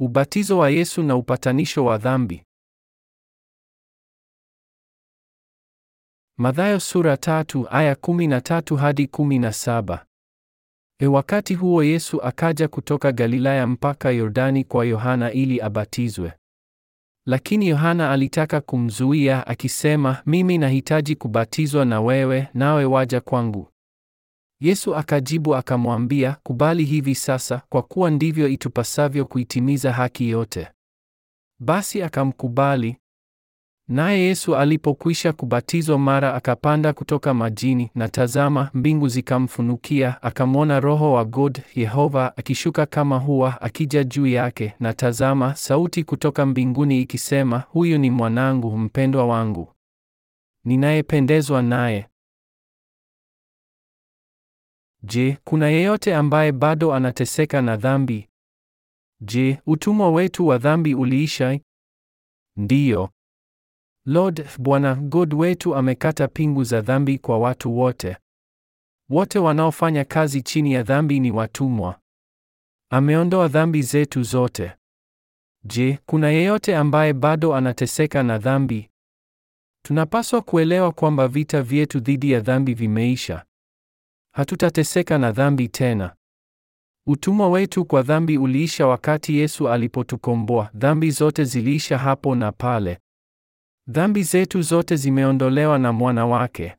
Ubatizo wa Yesu na upatanisho wa dhambi. Mathayo sura tatu aya kumi na tatu hadi kumi na saba. E, wakati huo Yesu akaja kutoka Galilaya mpaka Yordani kwa Yohana ili abatizwe. Lakini Yohana alitaka kumzuia akisema, mimi nahitaji kubatizwa na wewe, nawe waja kwangu? Yesu akajibu akamwambia, kubali hivi sasa, kwa kuwa ndivyo itupasavyo kuitimiza haki yote. Basi akamkubali. Naye Yesu alipokwisha kubatizwa, mara akapanda kutoka majini, na tazama, mbingu zikamfunukia, akamwona Roho wa God Yehova akishuka kama hua akija juu yake, na tazama, sauti kutoka mbinguni ikisema, huyu ni mwanangu mpendwa wangu, ninayependezwa naye. Je, kuna yeyote ambaye bado anateseka na dhambi? Je, utumwa wetu wa dhambi uliisha? Ndiyo. Lord Bwana God wetu amekata pingu za dhambi kwa watu wote. Wote wanaofanya kazi chini ya dhambi ni watumwa. Ameondoa dhambi zetu zote. Je, kuna yeyote ambaye bado anateseka na dhambi? Tunapaswa kuelewa kwamba vita vyetu dhidi ya dhambi vimeisha. Hatutateseka na dhambi tena. Utumwa wetu kwa dhambi uliisha wakati Yesu alipotukomboa. Dhambi zote ziliisha hapo na pale. Dhambi zetu zote zimeondolewa na mwana wake.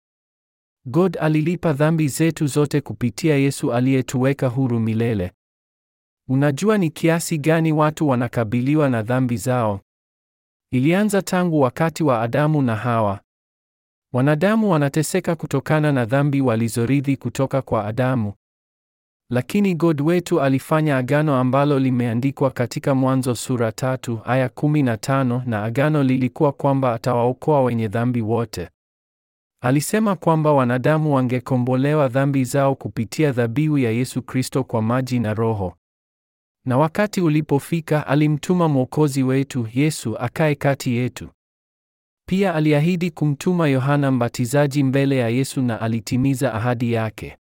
God alilipa dhambi zetu zote kupitia Yesu aliyetuweka huru milele. Unajua ni kiasi gani watu wanakabiliwa na dhambi zao? Ilianza tangu wakati wa Adamu na Hawa. Wanadamu wanateseka kutokana na dhambi walizorithi kutoka kwa Adamu. Lakini God wetu alifanya agano ambalo limeandikwa katika Mwanzo sura tatu aya 15 na agano lilikuwa kwamba atawaokoa wenye dhambi wote. Alisema kwamba wanadamu wangekombolewa dhambi zao kupitia dhabihu ya Yesu Kristo kwa maji na Roho. Na wakati ulipofika, alimtuma Mwokozi wetu Yesu akae kati yetu. Pia aliahidi kumtuma Yohana Mbatizaji mbele ya Yesu na alitimiza ahadi yake.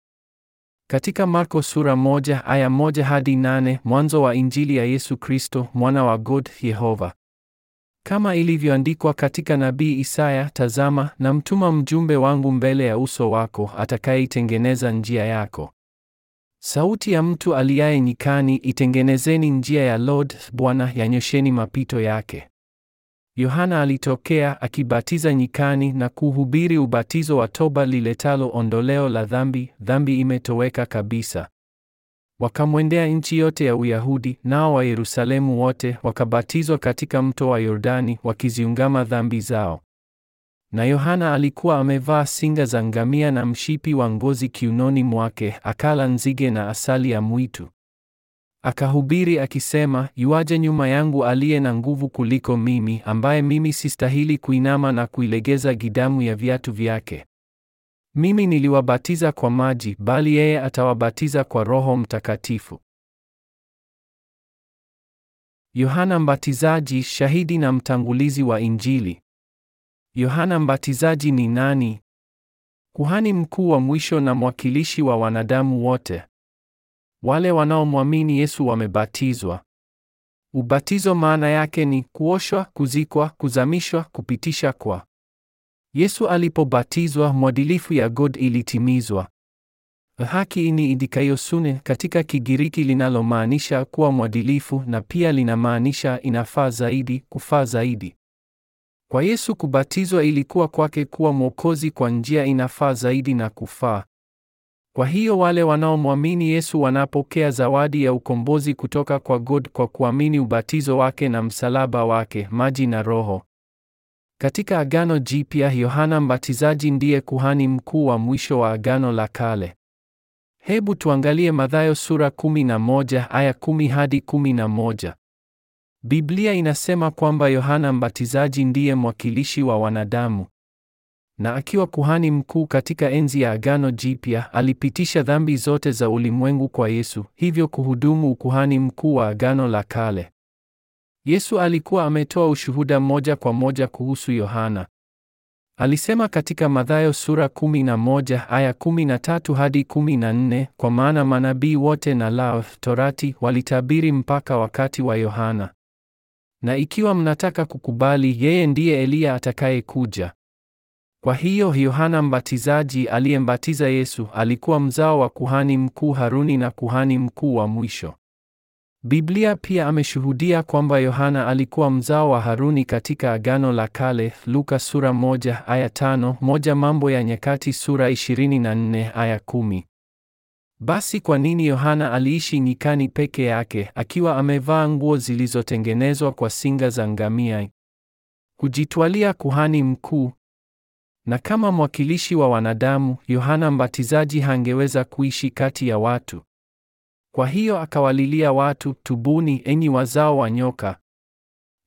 Katika Marko sura moja aya moja hadi nane mwanzo wa Injili ya Yesu Kristo mwana wa God Yehova. Kama ilivyoandikwa katika nabii Isaya, tazama, namtuma mjumbe wangu mbele ya uso wako, atakayeitengeneza njia yako. Sauti ya mtu aliaye nyikani, itengenezeni njia ya Lord Bwana, yanyosheni mapito yake. Yohana alitokea akibatiza nyikani na kuhubiri ubatizo wa toba liletalo ondoleo la dhambi, dhambi imetoweka kabisa. Wakamwendea nchi yote ya Uyahudi nao wa Yerusalemu wote wakabatizwa katika mto wa Yordani wakiziungama dhambi zao. Na Yohana alikuwa amevaa singa za ngamia na mshipi wa ngozi kiunoni mwake, akala nzige na asali ya mwitu. Akahubiri akisema, yuaje nyuma yangu aliye na nguvu kuliko mimi, ambaye mimi sistahili kuinama na kuilegeza gidamu ya viatu vyake? Mimi niliwabatiza kwa maji, bali yeye atawabatiza kwa Roho Mtakatifu. Yohana Mbatizaji, shahidi na mtangulizi wa Injili. Yohana Mbatizaji ni nani? Kuhani mkuu wa mwisho na mwakilishi wa wanadamu wote. Wale wanaomwamini Yesu wamebatizwa. Ubatizo maana yake ni kuoshwa, kuzikwa, kuzamishwa, kupitisha kwa. Yesu alipobatizwa, mwadilifu ya God ilitimizwa. Haki ini idikaiosune katika Kigiriki linalomaanisha kuwa mwadilifu na pia linamaanisha inafaa zaidi, kufaa zaidi. Kwa Yesu kubatizwa ilikuwa kwake kuwa mwokozi kwa njia inafaa zaidi na kufaa. Kwa hiyo wale wanaomwamini Yesu wanapokea zawadi ya ukombozi kutoka kwa God kwa kuamini ubatizo wake na msalaba wake, maji na Roho. Katika Agano Jipya, Yohana Mbatizaji ndiye kuhani mkuu wa mwisho wa Agano la Kale. Hebu tuangalie Mathayo sura 11 aya 10 hadi 11. Biblia inasema kwamba Yohana Mbatizaji ndiye mwakilishi wa wanadamu na akiwa kuhani mkuu katika enzi ya Agano Jipya alipitisha dhambi zote za ulimwengu kwa Yesu, hivyo kuhudumu ukuhani mkuu wa Agano la Kale. Yesu alikuwa ametoa ushuhuda moja kwa moja kuhusu Yohana. Alisema katika Mathayo sura 11 aya 13 hadi 14, kwa maana manabii wote na la Torati walitabiri mpaka wakati wa Yohana. Na ikiwa mnataka kukubali, yeye ndiye Eliya atakayekuja. Kwa hiyo Yohana Mbatizaji aliyembatiza Yesu alikuwa mzao wa kuhani mkuu Haruni na kuhani mkuu wa mwisho. Biblia pia ameshuhudia kwamba Yohana alikuwa mzao wa Haruni katika Agano la Kale, Luka sura moja aya tano, moja Mambo ya Nyakati sura 24 aya kumi. Basi kwa nini Yohana aliishi nyikani peke yake akiwa amevaa nguo zilizotengenezwa kwa singa za ngamia? Kujitwalia kuhani mkuu na kama mwakilishi wa wanadamu, Yohana Mbatizaji hangeweza kuishi kati ya watu. Kwa hiyo akawalilia watu, tubuni enyi wazao wa nyoka,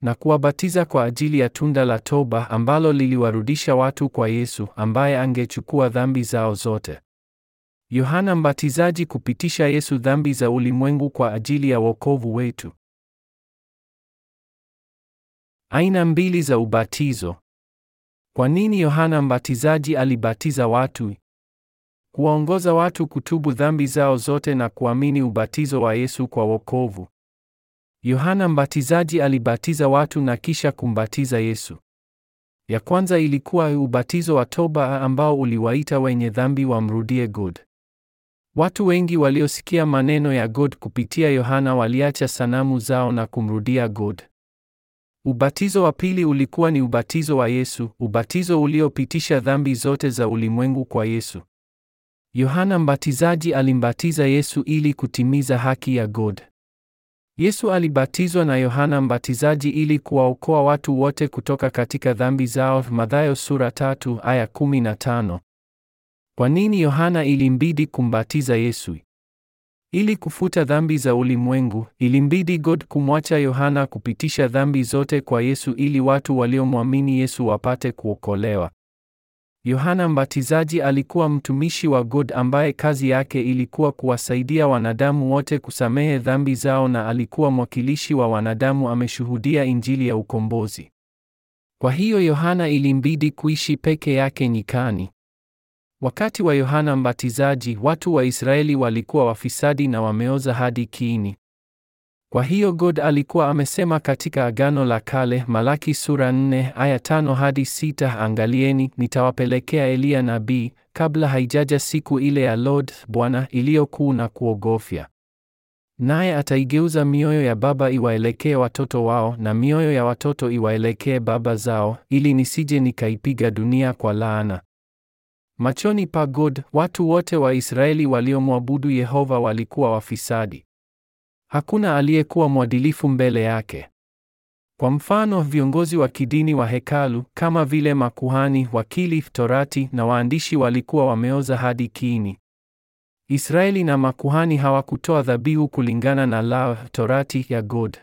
na kuwabatiza kwa ajili ya tunda la toba ambalo liliwarudisha watu kwa Yesu ambaye angechukua dhambi zao zote. Yohana Mbatizaji kupitisha Yesu dhambi za ulimwengu kwa ajili ya wokovu wetu. Aina mbili za ubatizo. Kwa nini Yohana Mbatizaji alibatiza watu? Kuwaongoza watu kutubu dhambi zao zote na kuamini ubatizo wa Yesu kwa wokovu. Yohana Mbatizaji alibatiza watu na kisha kumbatiza Yesu. Ya kwanza ilikuwa ubatizo wa toba ambao uliwaita wenye dhambi wamrudie God. Watu wengi waliosikia maneno ya God kupitia Yohana waliacha sanamu zao na kumrudia God. Ubatizo wa pili ulikuwa ni ubatizo wa Yesu, ubatizo uliopitisha dhambi zote za ulimwengu kwa Yesu. Yohana Mbatizaji alimbatiza Yesu ili kutimiza haki ya God. Yesu alibatizwa na Yohana Mbatizaji ili kuwaokoa watu wote kutoka katika dhambi zao, Mathayo sura tatu aya kumi na tano. Kwa nini Yohana ilimbidi kumbatiza Yesu? Ili kufuta dhambi za ulimwengu, ilimbidi God kumwacha Yohana kupitisha dhambi zote kwa Yesu ili watu waliomwamini Yesu wapate kuokolewa. Yohana Mbatizaji alikuwa mtumishi wa God ambaye kazi yake ilikuwa kuwasaidia wanadamu wote kusamehe dhambi zao na alikuwa mwakilishi wa wanadamu ameshuhudia Injili ya ukombozi. Kwa hiyo Yohana ilimbidi kuishi peke yake nyikani. Wakati wa Yohana Mbatizaji, watu wa Israeli walikuwa wafisadi na wameoza hadi kiini. Kwa hiyo God alikuwa amesema katika Agano la Kale, Malaki sura 4 aya 5 hadi 6, angalieni, nitawapelekea Eliya nabii kabla haijaja siku ile ya Lord Bwana iliyokuu na kuogofya. Naye ataigeuza mioyo ya baba iwaelekee watoto wao na mioyo ya watoto iwaelekee baba zao, ili nisije nikaipiga dunia kwa laana. Machoni pa God, watu wote wa Israeli waliomwabudu Yehova walikuwa wafisadi. Hakuna aliyekuwa mwadilifu mbele yake. Kwa mfano, viongozi wa kidini wa hekalu kama vile makuhani, wakili, torati na waandishi walikuwa wameoza hadi kiini. Israeli na makuhani hawakutoa dhabihu kulingana na la torati ya God.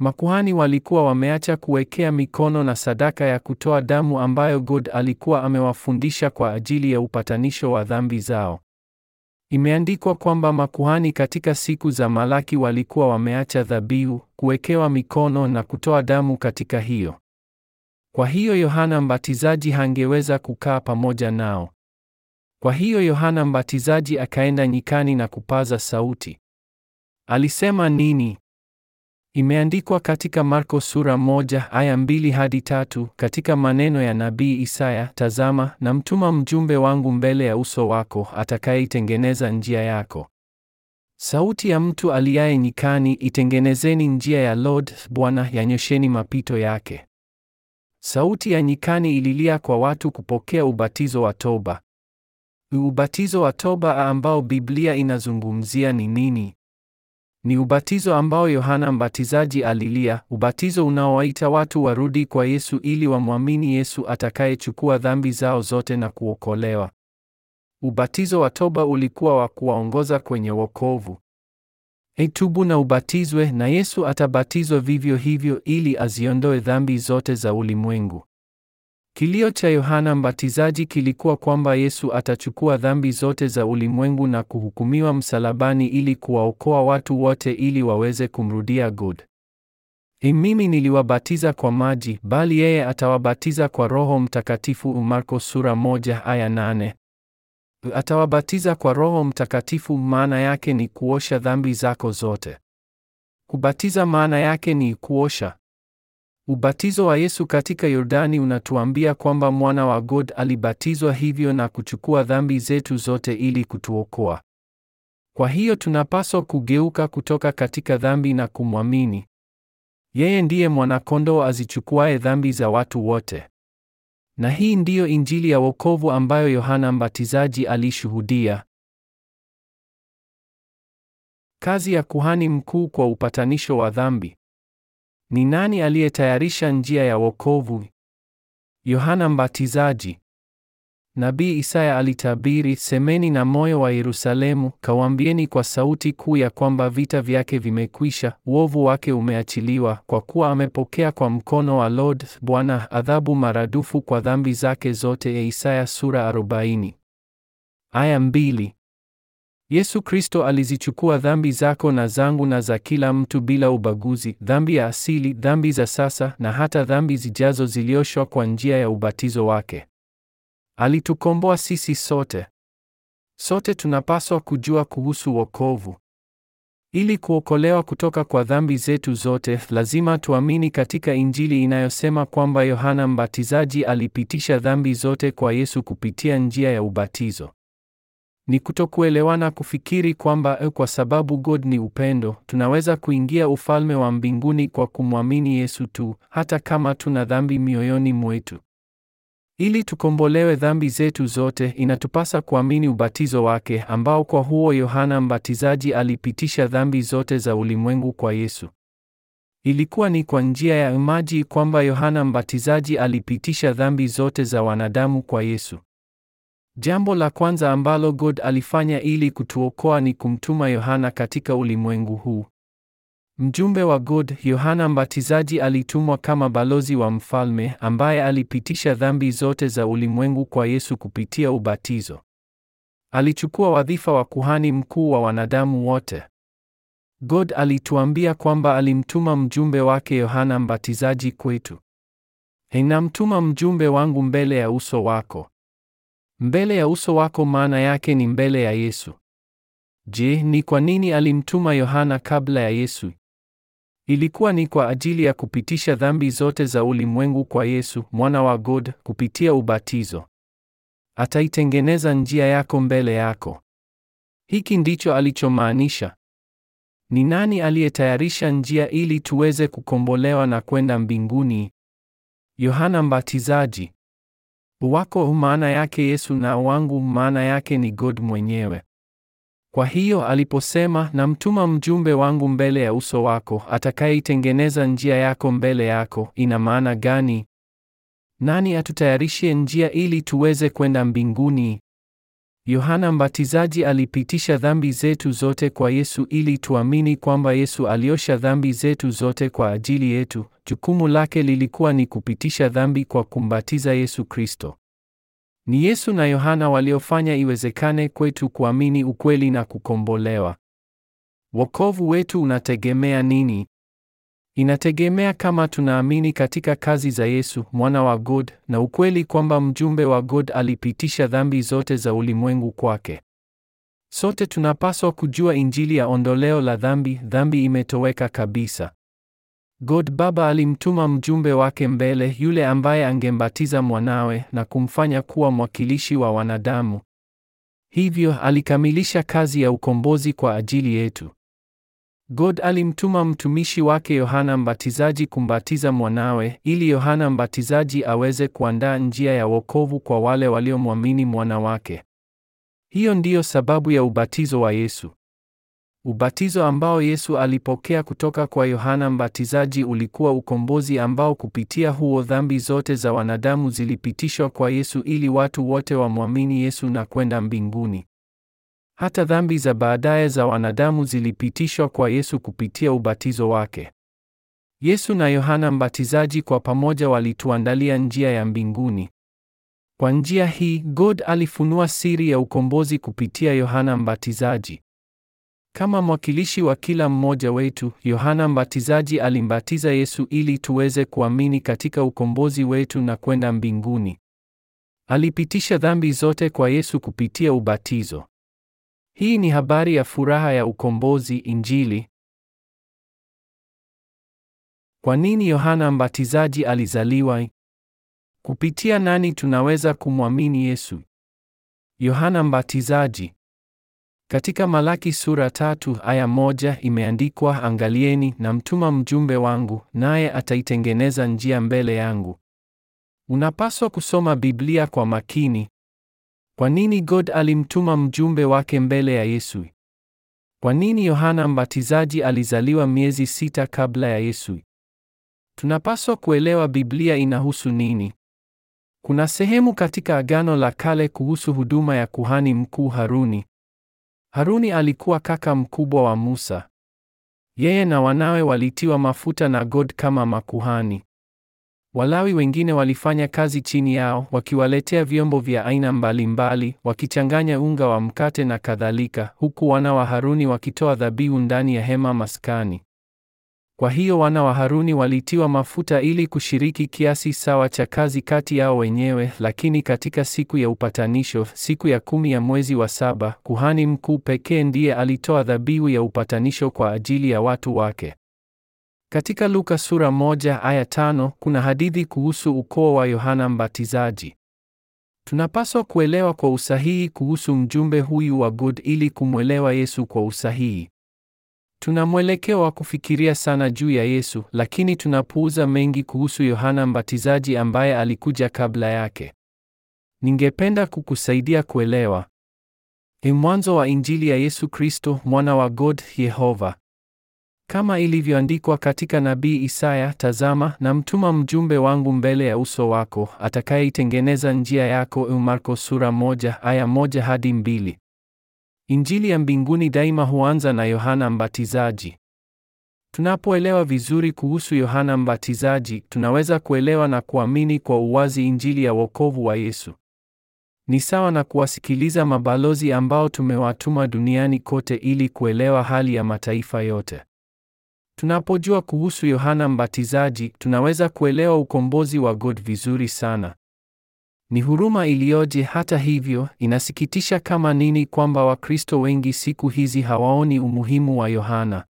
Makuhani walikuwa wameacha kuwekea mikono na sadaka ya kutoa damu ambayo God alikuwa amewafundisha kwa ajili ya upatanisho wa dhambi zao. Imeandikwa kwamba makuhani katika siku za Malaki walikuwa wameacha dhabihu, kuwekewa mikono na kutoa damu katika hiyo. Kwa hiyo Yohana Mbatizaji hangeweza kukaa pamoja nao. Kwa hiyo Yohana Mbatizaji akaenda nyikani na kupaza sauti. Alisema nini? Imeandikwa katika Marko sura moja aya mbili hadi tatu katika maneno ya nabii Isaya, tazama, namtuma mjumbe wangu mbele ya uso wako, atakayeitengeneza njia yako. Sauti ya mtu aliaye nyikani, itengenezeni njia ya Lord Bwana, yanyosheni mapito yake. Sauti ya nyikani ililia kwa watu kupokea ubatizo wa toba. Ubatizo wa toba ambao Biblia inazungumzia ni nini? Ni ubatizo ambao Yohana Mbatizaji alilia, ubatizo unaowaita watu warudi kwa Yesu ili wamwamini Yesu atakayechukua dhambi zao zote na kuokolewa. Ubatizo wa toba ulikuwa wa kuwaongoza kwenye wokovu. Etubu na ubatizwe, na Yesu atabatizwa vivyo hivyo ili aziondoe dhambi zote za ulimwengu. Kilio cha Yohana Mbatizaji kilikuwa kwamba Yesu atachukua dhambi zote za ulimwengu na kuhukumiwa msalabani ili kuwaokoa watu wote ili waweze kumrudia God. E, mimi niliwabatiza kwa maji, bali yeye atawabatiza kwa Roho Mtakatifu. Marko sura moja aya nane. Atawabatiza kwa Roho Mtakatifu maana yake ni kuosha dhambi zako zote. Kubatiza maana yake ni kuosha Ubatizo wa Yesu katika Yordani unatuambia kwamba mwana wa God alibatizwa hivyo na kuchukua dhambi zetu zote ili kutuokoa. Kwa hiyo tunapaswa kugeuka kutoka katika dhambi na kumwamini. Yeye ndiye mwanakondoo azichukuae dhambi za watu wote. Na hii ndiyo injili ya wokovu ambayo Yohana Mbatizaji alishuhudia. Kazi ya kuhani mkuu kwa upatanisho wa dhambi. Ni nani aliyetayarisha njia ya wokovu? Yohana Mbatizaji. Nabii Isaya alitabiri, semeni na moyo wa Yerusalemu, kawambieni kwa sauti kuu ya kwamba vita vyake vimekwisha, uovu wake umeachiliwa, kwa kuwa amepokea kwa mkono wa Lord Bwana adhabu maradufu kwa dhambi zake zote. Ya Isaya sura 40 aya mbili. Yesu Kristo alizichukua dhambi zako na zangu na za kila mtu bila ubaguzi, dhambi ya asili, dhambi za sasa na hata dhambi zijazo zilioshwa kwa njia ya ubatizo wake. Alitukomboa sisi sote. Sote tunapaswa kujua kuhusu wokovu. Ili kuokolewa kutoka kwa dhambi zetu zote, lazima tuamini katika Injili inayosema kwamba Yohana Mbatizaji alipitisha dhambi zote kwa Yesu kupitia njia ya ubatizo ni kutokuelewana kufikiri kwamba e, kwa sababu God ni upendo, tunaweza kuingia ufalme wa mbinguni kwa kumwamini Yesu tu, hata kama tuna dhambi mioyoni mwetu. Ili tukombolewe dhambi zetu zote, inatupasa kuamini ubatizo wake ambao kwa huo Yohana Mbatizaji alipitisha dhambi zote za ulimwengu kwa Yesu. Ilikuwa ni kwa njia ya maji kwamba Yohana Mbatizaji alipitisha dhambi zote za wanadamu kwa Yesu. Jambo la kwanza ambalo God alifanya ili kutuokoa ni kumtuma Yohana katika ulimwengu huu. Mjumbe wa God, Yohana Mbatizaji alitumwa kama balozi wa mfalme ambaye alipitisha dhambi zote za ulimwengu kwa Yesu kupitia ubatizo. Alichukua wadhifa wa kuhani mkuu wa wanadamu wote. God alituambia kwamba alimtuma mjumbe wake Yohana Mbatizaji kwetu. Ninamtuma mjumbe wangu mbele ya uso wako. Mbele ya uso wako maana yake ni mbele ya Yesu. Je, ni kwa nini alimtuma Yohana kabla ya Yesu? Ilikuwa ni kwa ajili ya kupitisha dhambi zote za ulimwengu kwa Yesu, mwana wa God, kupitia ubatizo. Ataitengeneza njia yako mbele yako. Hiki ndicho alichomaanisha. Ni nani aliyetayarisha njia ili tuweze kukombolewa na kwenda mbinguni? Yohana Mbatizaji. Wako maana yake Yesu na wangu maana yake ni God mwenyewe. Kwa hiyo aliposema, namtuma mjumbe wangu mbele ya uso wako, atakayeitengeneza njia yako mbele yako, ina maana gani? Nani atutayarishie njia ili tuweze kwenda mbinguni? Yohana Mbatizaji alipitisha dhambi zetu zote kwa Yesu ili tuamini kwamba Yesu aliosha dhambi zetu zote kwa ajili yetu. Jukumu lake lilikuwa ni kupitisha dhambi kwa kumbatiza Yesu Kristo. Ni Yesu na Yohana waliofanya iwezekane kwetu kuamini ukweli na kukombolewa. Wokovu wetu unategemea nini? Inategemea kama tunaamini katika kazi za Yesu mwana wa God na ukweli kwamba mjumbe wa God alipitisha dhambi zote za ulimwengu kwake. Sote tunapaswa kujua injili ya ondoleo la dhambi, dhambi imetoweka kabisa. God Baba alimtuma mjumbe wake mbele, yule ambaye angembatiza mwanawe na kumfanya kuwa mwakilishi wa wanadamu. Hivyo alikamilisha kazi ya ukombozi kwa ajili yetu. God alimtuma mtumishi wake Yohana Mbatizaji kumbatiza mwanawe ili Yohana Mbatizaji aweze kuandaa njia ya wokovu kwa wale waliomwamini mwana wake. Hiyo ndiyo sababu ya ubatizo wa Yesu. Ubatizo ambao Yesu alipokea kutoka kwa Yohana Mbatizaji ulikuwa ukombozi ambao kupitia huo dhambi zote za wanadamu zilipitishwa kwa Yesu ili watu wote wamwamini Yesu na kwenda mbinguni. Hata dhambi za baadaye za wanadamu zilipitishwa kwa Yesu kupitia ubatizo wake. Yesu na Yohana Mbatizaji kwa pamoja walituandalia njia ya mbinguni. Kwa njia hii, God alifunua siri ya ukombozi kupitia Yohana Mbatizaji. Kama mwakilishi wa kila mmoja wetu, Yohana Mbatizaji alimbatiza Yesu ili tuweze kuamini katika ukombozi wetu na kwenda mbinguni. Alipitisha dhambi zote kwa Yesu kupitia ubatizo. Hii ni habari ya furaha ya ukombozi, Injili. Kwa nini Yohana Mbatizaji alizaliwa? Kupitia nani tunaweza kumwamini Yesu? Yohana Mbatizaji. Katika Malaki sura tatu aya moja imeandikwa, angalieni, namtuma mjumbe wangu, naye ataitengeneza njia mbele yangu. Unapaswa kusoma Biblia kwa makini, kwa nini God alimtuma mjumbe wake mbele ya Yesu? Kwa nini Yohana Mbatizaji alizaliwa miezi sita kabla ya Yesu? Tunapaswa kuelewa Biblia inahusu nini. Kuna sehemu katika Agano la Kale kuhusu huduma ya kuhani mkuu Haruni. Haruni alikuwa kaka mkubwa wa Musa. Yeye na wanawe walitiwa mafuta na God kama makuhani. Walawi wengine walifanya kazi chini yao, wakiwaletea vyombo vya aina mbalimbali, wakichanganya unga wa mkate na kadhalika, huku wana wa Haruni wakitoa dhabihu ndani ya hema maskani. Kwa hiyo wana wa Haruni walitiwa mafuta ili kushiriki kiasi sawa cha kazi kati yao wenyewe, lakini katika siku ya upatanisho, siku ya kumi ya mwezi wa saba, kuhani mkuu pekee ndiye alitoa dhabihu ya upatanisho kwa ajili ya watu wake. Katika Luka sura moja aya tano kuna hadithi kuhusu ukoo wa Yohana Mbatizaji. Tunapaswa kuelewa kwa usahihi kuhusu mjumbe huyu wa God ili kumwelewa Yesu kwa usahihi. Tuna mwelekeo wa kufikiria sana juu ya Yesu, lakini tunapuuza mengi kuhusu Yohana Mbatizaji ambaye alikuja kabla yake. Ningependa kukusaidia kuelewa. Ni e mwanzo wa Injili ya Yesu Kristo, mwana wa God Yehova. Kama ilivyoandikwa katika nabii Isaya, tazama, namtuma mjumbe wangu mbele ya uso wako, atakayeitengeneza njia yako. Marko sura moja aya moja hadi mbili. Injili ya mbinguni daima huanza na Yohana Mbatizaji. Tunapoelewa vizuri kuhusu Yohana Mbatizaji, tunaweza kuelewa na kuamini kwa uwazi injili ya wokovu wa Yesu. Ni sawa na kuwasikiliza mabalozi ambao tumewatuma duniani kote ili kuelewa hali ya mataifa yote. Tunapojua kuhusu Yohana Mbatizaji, tunaweza kuelewa ukombozi wa God vizuri sana. Ni huruma iliyoje! Hata hivyo, inasikitisha kama nini kwamba Wakristo wengi siku hizi hawaoni umuhimu wa Yohana.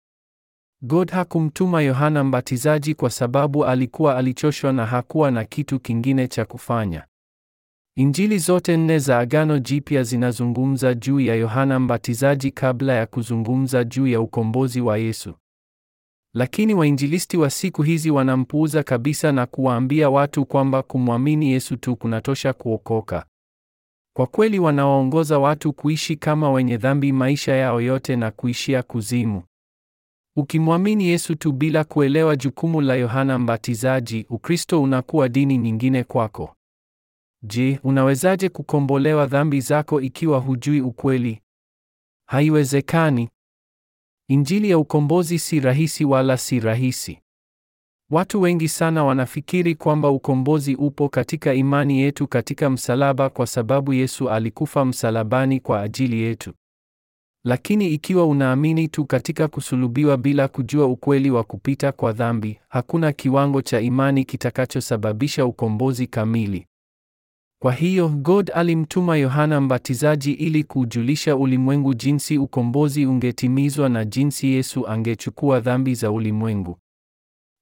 God hakumtuma Yohana Mbatizaji kwa sababu alikuwa alichoshwa na hakuwa na kitu kingine cha kufanya. Injili zote nne za Agano Jipya zinazungumza juu ya Yohana Mbatizaji kabla ya kuzungumza juu ya ukombozi wa Yesu. Lakini wainjilisti wa siku hizi wanampuuza kabisa na kuwaambia watu kwamba kumwamini Yesu tu kunatosha kuokoka. Kwa kweli wanawaongoza watu kuishi kama wenye dhambi maisha yao yote na kuishia kuzimu. Ukimwamini Yesu tu bila kuelewa jukumu la Yohana Mbatizaji, Ukristo unakuwa dini nyingine kwako. Je, unawezaje kukombolewa dhambi zako ikiwa hujui ukweli? Haiwezekani. Injili ya ukombozi si rahisi wala si rahisi. Watu wengi sana wanafikiri kwamba ukombozi upo katika imani yetu katika msalaba kwa sababu Yesu alikufa msalabani kwa ajili yetu. Lakini ikiwa unaamini tu katika kusulubiwa bila kujua ukweli wa kupita kwa dhambi, hakuna kiwango cha imani kitakachosababisha ukombozi kamili. Kwa hiyo God alimtuma Yohana Mbatizaji ili kuujulisha ulimwengu jinsi ukombozi ungetimizwa na jinsi Yesu angechukua dhambi za ulimwengu.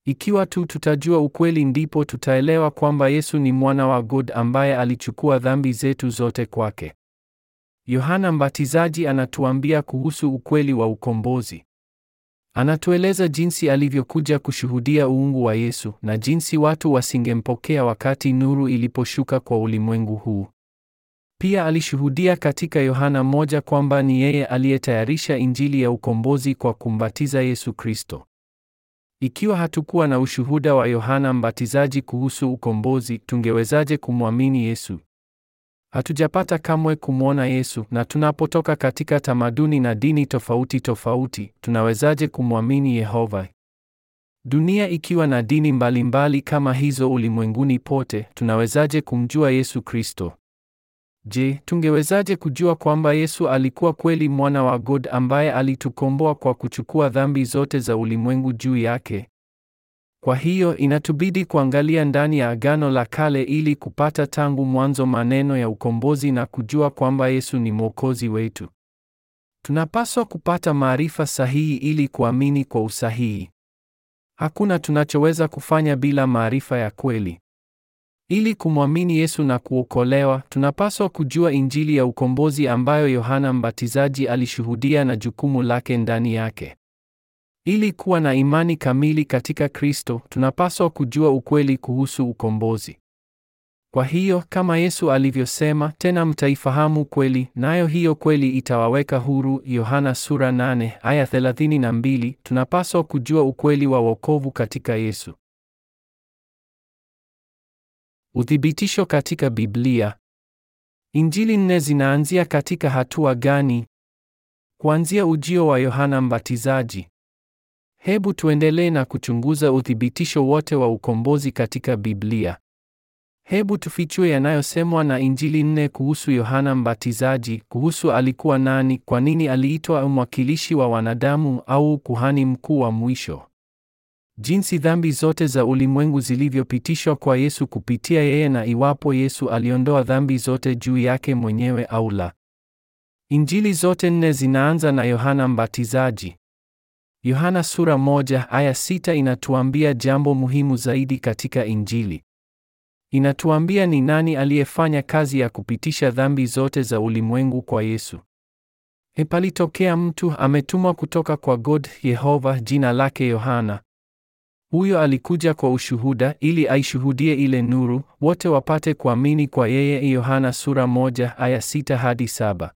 Ikiwa tu tutajua ukweli ndipo tutaelewa kwamba Yesu ni mwana wa God ambaye alichukua dhambi zetu zote kwake. Yohana Mbatizaji anatuambia kuhusu ukweli wa ukombozi. Anatueleza jinsi alivyokuja kushuhudia uungu wa Yesu na jinsi watu wasingempokea wakati nuru iliposhuka kwa ulimwengu huu. Pia alishuhudia katika Yohana moja kwamba ni yeye aliyetayarisha injili ya ukombozi kwa kumbatiza Yesu Kristo. Ikiwa hatukuwa na ushuhuda wa Yohana Mbatizaji kuhusu ukombozi, tungewezaje kumwamini Yesu? Hatujapata kamwe kumwona Yesu na tunapotoka katika tamaduni na dini tofauti tofauti, tunawezaje kumwamini Yehova? Dunia ikiwa na dini mbalimbali mbali kama hizo ulimwenguni pote, tunawezaje kumjua Yesu Kristo? Je, tungewezaje kujua kwamba Yesu alikuwa kweli mwana wa God ambaye alitukomboa kwa kuchukua dhambi zote za ulimwengu juu yake? Kwa hiyo inatubidi kuangalia ndani ya Agano la Kale ili kupata tangu mwanzo maneno ya ukombozi na kujua kwamba Yesu ni Mwokozi wetu. Tunapaswa kupata maarifa sahihi ili kuamini kwa usahihi. Hakuna tunachoweza kufanya bila maarifa ya kweli. Ili kumwamini Yesu na kuokolewa, tunapaswa kujua Injili ya ukombozi ambayo Yohana Mbatizaji alishuhudia na jukumu lake ndani yake. Ili kuwa na imani kamili katika Kristo, tunapaswa kujua ukweli kuhusu ukombozi. Kwa hiyo, kama Yesu alivyosema, tena mtaifahamu kweli, nayo hiyo kweli itawaweka huru, Yohana sura 8 aya 32. Tunapaswa kujua ukweli wa wokovu katika Yesu. Uthibitisho katika Biblia. Injili nne zinaanzia katika hatua gani? Kuanzia ujio wa Yohana Mbatizaji. Hebu tuendelee na kuchunguza uthibitisho wote wa ukombozi katika Biblia. Hebu tufichue yanayosemwa na Injili nne kuhusu Yohana Mbatizaji, kuhusu alikuwa nani, kwa nini aliitwa mwakilishi wa wanadamu au kuhani mkuu wa mwisho. Jinsi dhambi zote za ulimwengu zilivyopitishwa kwa Yesu kupitia yeye na iwapo Yesu aliondoa dhambi zote juu yake mwenyewe au la. Injili zote nne zinaanza na Yohana Mbatizaji. Yohana sura moja aya sita inatuambia jambo muhimu zaidi katika Injili. Inatuambia ni nani aliyefanya kazi ya kupitisha dhambi zote za ulimwengu kwa Yesu. Epalitokea mtu ametumwa kutoka kwa God Yehova, jina lake Yohana. Huyo alikuja kwa ushuhuda ili aishuhudie ile nuru, wote wapate kuamini kwa yeye. Yohana sura moja aya sita hadi saba.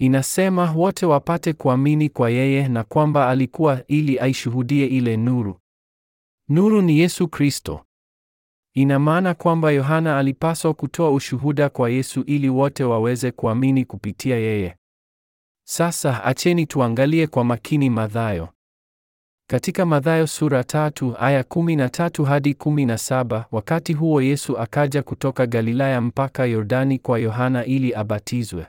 Inasema wote wapate kuamini kwa yeye na kwamba alikuwa ili aishuhudie ile nuru. Nuru ni Yesu Kristo. Ina maana kwamba Yohana alipaswa kutoa ushuhuda kwa Yesu ili wote waweze kuamini kupitia yeye. Sasa acheni tuangalie kwa makini Mathayo. Katika Mathayo sura tatu aya tatu hadi saba wakati huo Yesu akaja kutoka Galilaya mpaka Yordani kwa Yohana ili abatizwe.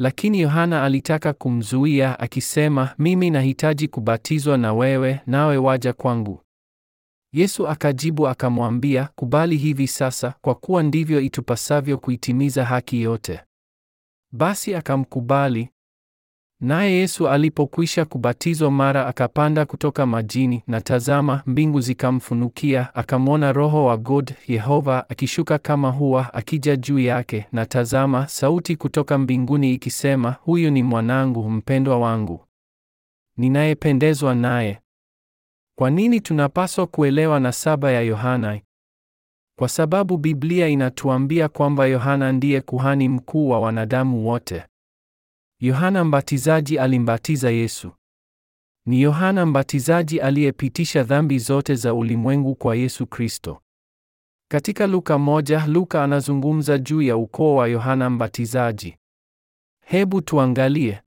Lakini Yohana alitaka kumzuia akisema, mimi nahitaji kubatizwa na wewe, nawe waja kwangu? Yesu akajibu akamwambia, kubali hivi sasa, kwa kuwa ndivyo itupasavyo kuitimiza haki yote. Basi akamkubali. Naye Yesu alipokwisha kubatizwa mara akapanda kutoka majini, na tazama, mbingu zikamfunukia, akamwona Roho wa God Yehova akishuka kama hua akija juu yake, na tazama, sauti kutoka mbinguni ikisema, huyu ni mwanangu mpendwa wangu ninayependezwa naye. Kwa nini tunapaswa kuelewa na saba ya Yohana? Kwa sababu Biblia inatuambia kwamba Yohana ndiye kuhani mkuu wa wanadamu wote. Yohana Mbatizaji alimbatiza Yesu. Ni Yohana Mbatizaji aliyepitisha dhambi zote za ulimwengu kwa Yesu Kristo. Katika Luka moja, Luka anazungumza juu ya ukoo wa Yohana Mbatizaji. Hebu tuangalie.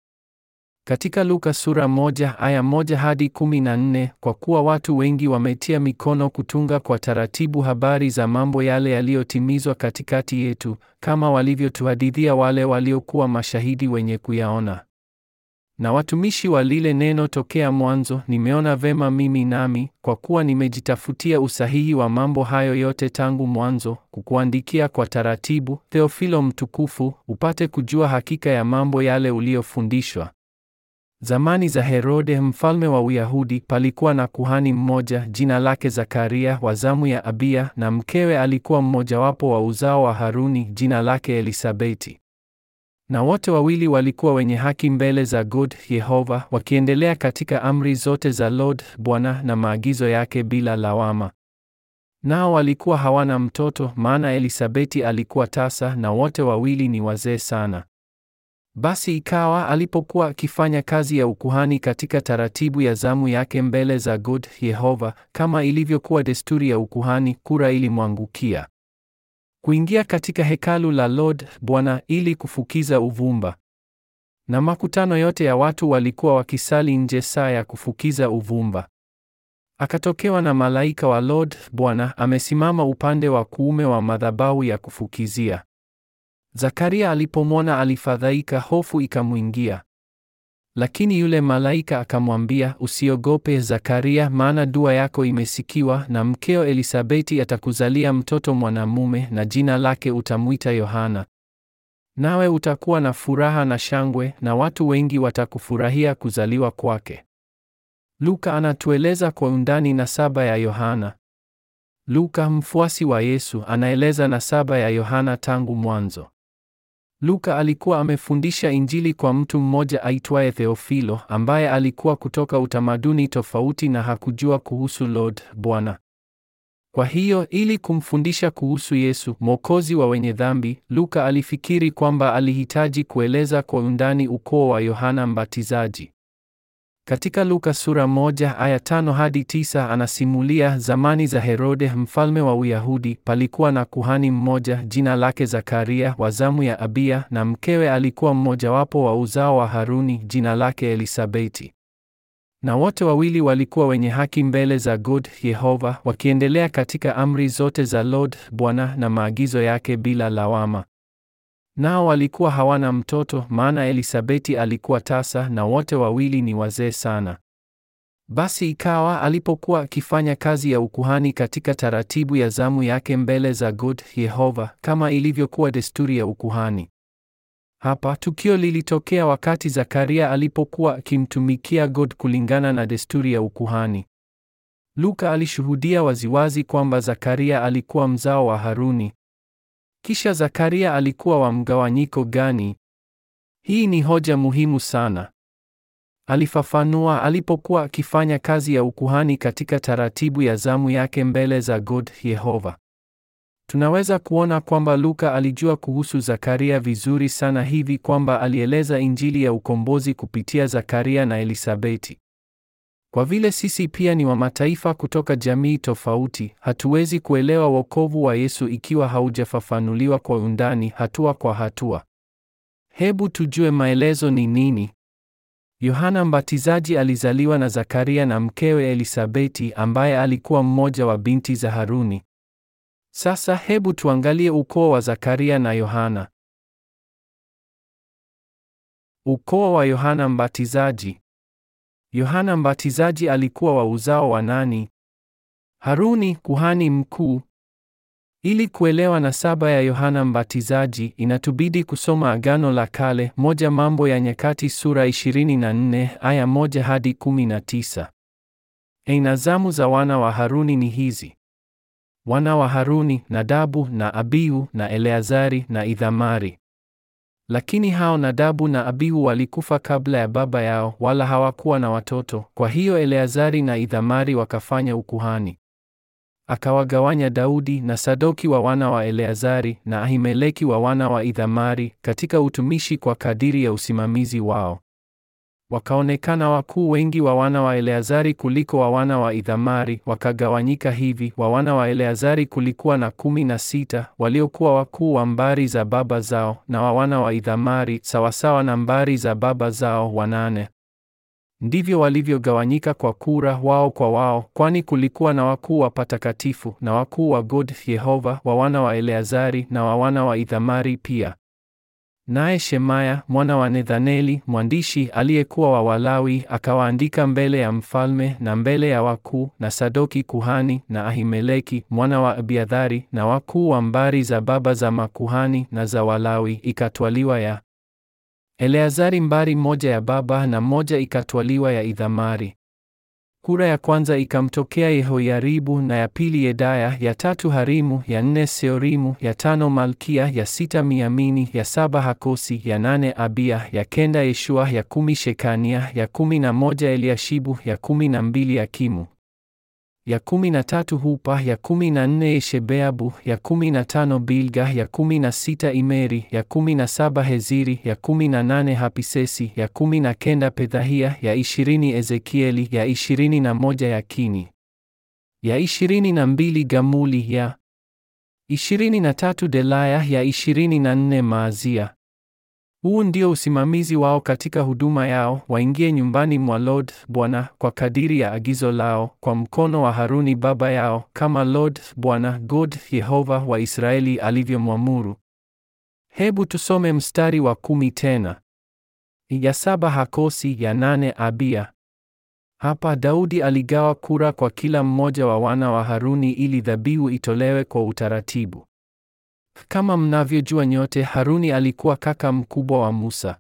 Katika Luka sura moja aya moja hadi kumi na nne kwa kuwa watu wengi wametia mikono kutunga kwa taratibu habari za mambo yale yaliyotimizwa katikati yetu, kama walivyotuhadithia wale waliokuwa mashahidi wenye kuyaona. Na watumishi wa lile neno tokea mwanzo, nimeona vema mimi nami, kwa kuwa nimejitafutia usahihi wa mambo hayo yote tangu mwanzo, kukuandikia kwa taratibu, Theofilo mtukufu, upate kujua hakika ya mambo yale uliyofundishwa Zamani za Herode mfalme wa Uyahudi, palikuwa na kuhani mmoja jina lake Zakaria wa zamu ya Abiya, na mkewe alikuwa mmojawapo wa uzao wa Haruni jina lake Elisabeti. Na wote wawili walikuwa wenye haki mbele za God Yehova, wakiendelea katika amri zote za Lord Bwana na maagizo yake bila lawama. Nao walikuwa hawana mtoto, maana Elisabeti alikuwa tasa na wote wawili ni wazee sana. Basi ikawa alipokuwa akifanya kazi ya ukuhani katika taratibu ya zamu yake mbele za God Yehova, kama ilivyokuwa desturi ya ukuhani, kura ilimwangukia kuingia katika hekalu la Lord Bwana ili kufukiza uvumba, na makutano yote ya watu walikuwa wakisali nje saa ya kufukiza uvumba. Akatokewa na malaika wa Lord Bwana amesimama upande wa kuume wa madhabahu ya kufukizia. Zakaria alipomwona alifadhaika, hofu ikamwingia. Lakini yule malaika akamwambia, usiogope Zakaria, maana dua yako imesikiwa, na mkeo Elisabeti atakuzalia mtoto mwanamume, na jina lake utamwita Yohana. Nawe utakuwa na furaha na shangwe, na watu wengi watakufurahia kuzaliwa kwake. Luka anatueleza kwa undani nasaba ya Yohana. Luka, mfuasi wa Yesu, anaeleza nasaba ya Yohana tangu mwanzo. Luka alikuwa amefundisha Injili kwa mtu mmoja aitwaye Theofilo ambaye alikuwa kutoka utamaduni tofauti na hakujua kuhusu Lord Bwana. Kwa hiyo ili kumfundisha kuhusu Yesu Mwokozi wa wenye dhambi, Luka alifikiri kwamba alihitaji kueleza kwa undani ukoo wa Yohana Mbatizaji. Katika Luka sura moja aya tano hadi tisa anasimulia zamani za Herode mfalme wa Uyahudi, palikuwa na kuhani mmoja jina lake Zakaria wa zamu ya Abiya, na mkewe alikuwa mmojawapo wa uzao wa Haruni jina lake Elisabeti. Na wote wawili walikuwa wenye haki mbele za God Yehova, wakiendelea katika amri zote za Lord Bwana na maagizo yake bila lawama. Nao walikuwa hawana mtoto, maana Elisabeti alikuwa tasa na wote wawili ni wazee sana. Basi ikawa alipokuwa akifanya kazi ya ukuhani katika taratibu ya zamu yake mbele za God Yehova, kama ilivyokuwa desturi ya ukuhani. Hapa tukio lilitokea wakati Zakaria alipokuwa akimtumikia God kulingana na desturi ya ukuhani. Luka alishuhudia waziwazi kwamba Zakaria alikuwa mzao wa Haruni, kisha Zakaria alikuwa wa mgawanyiko gani? Hii ni hoja muhimu sana. Alifafanua alipokuwa akifanya kazi ya ukuhani katika taratibu ya zamu yake mbele za God Yehova. Tunaweza kuona kwamba Luka alijua kuhusu Zakaria vizuri sana hivi kwamba alieleza Injili ya ukombozi kupitia Zakaria na Elisabeti. Kwa vile sisi pia ni wa mataifa kutoka jamii tofauti, hatuwezi kuelewa wokovu wa Yesu ikiwa haujafafanuliwa kwa undani, hatua kwa hatua. Hebu tujue maelezo ni nini. Yohana Mbatizaji alizaliwa na Zakaria na mkewe Elisabeti ambaye alikuwa mmoja wa binti za Haruni. Sasa hebu tuangalie ukoo wa Zakaria na Yohana. Ukoo wa Yohana Mbatizaji. Yohana Mbatizaji alikuwa wa uzao wa nani? Haruni kuhani mkuu. Ili kuelewa nasaba ya Yohana Mbatizaji, inatubidi kusoma Agano la Kale, moja Mambo ya Nyakati sura 24 aya 1 hadi 19. Einazamu za wana wa Haruni ni hizi: wana wa Haruni, Nadabu na Abihu na Eleazari na Ithamari. Lakini hao Nadabu na Abihu walikufa kabla ya baba yao, wala hawakuwa na watoto. Kwa hiyo Eleazari na Ithamari wakafanya ukuhani. Akawagawanya Daudi na Sadoki wa wana wa Eleazari na Ahimeleki wa wana wa Ithamari katika utumishi kwa kadiri ya usimamizi wao. Wakaonekana wakuu wengi wa wana wa Eleazari kuliko wa wana wa Ithamari, wakagawanyika hivi: wa wana wa Eleazari kulikuwa na kumi na sita waliokuwa wakuu wa mbari za baba zao, na wa wana wa Ithamari sawasawa na mbari za baba zao wanane. Ndivyo walivyogawanyika kwa kura wao kwa wao, kwani kulikuwa na wakuu wa patakatifu na wakuu wa God Yehova wa wana wa Eleazari na wa wana wa Ithamari pia. Naye Shemaya mwana wa Nethaneli mwandishi aliyekuwa wa Walawi akawaandika mbele ya mfalme na mbele ya wakuu na Sadoki kuhani na Ahimeleki mwana wa abiadhari na wakuu wa mbari za baba za makuhani na za Walawi ikatwaliwa ya Eleazari mbari moja ya baba na moja ikatwaliwa ya idhamari Kura ya kwanza ikamtokea Yehoyaribu, na ya pili Yedaya, ya tatu Harimu, ya nne Seorimu, ya tano Malkia, ya sita Miamini, ya saba Hakosi, ya nane Abia, ya kenda Yeshua, ya kumi Shekania, ya kumi na moja Eliashibu, ya kumi na mbili Akimu ya kumi na tatu Hupa, ya kumi na nne Yeshebeabu, ya kumi na tano Bilga, ya kumi na sita Imeri, ya kumi na saba Heziri, ya kumi na nane Hapisesi, ya kumi na kenda Pedhahia, ya ishirini Ezekieli, ya ishirini na moja Yakini, ya ishirini na mbili Gamuli, ya ishirini na tatu Delaya, ya ishirini na nne Maazia, huu ndio usimamizi wao katika huduma yao, waingie nyumbani mwa Lord Bwana kwa kadiri ya agizo lao, kwa mkono wa Haruni baba yao, kama Lord Bwana God Yehova wa Israeli alivyomwamuru. Hebu tusome mstari wa kumi tena. Ya saba Hakosi, ya nane Abia. Hapa Daudi aligawa kura kwa kila mmoja wa wana wa Haruni ili dhabihu itolewe kwa utaratibu. Kama mnavyojua nyote, Haruni alikuwa kaka mkubwa wa Musa.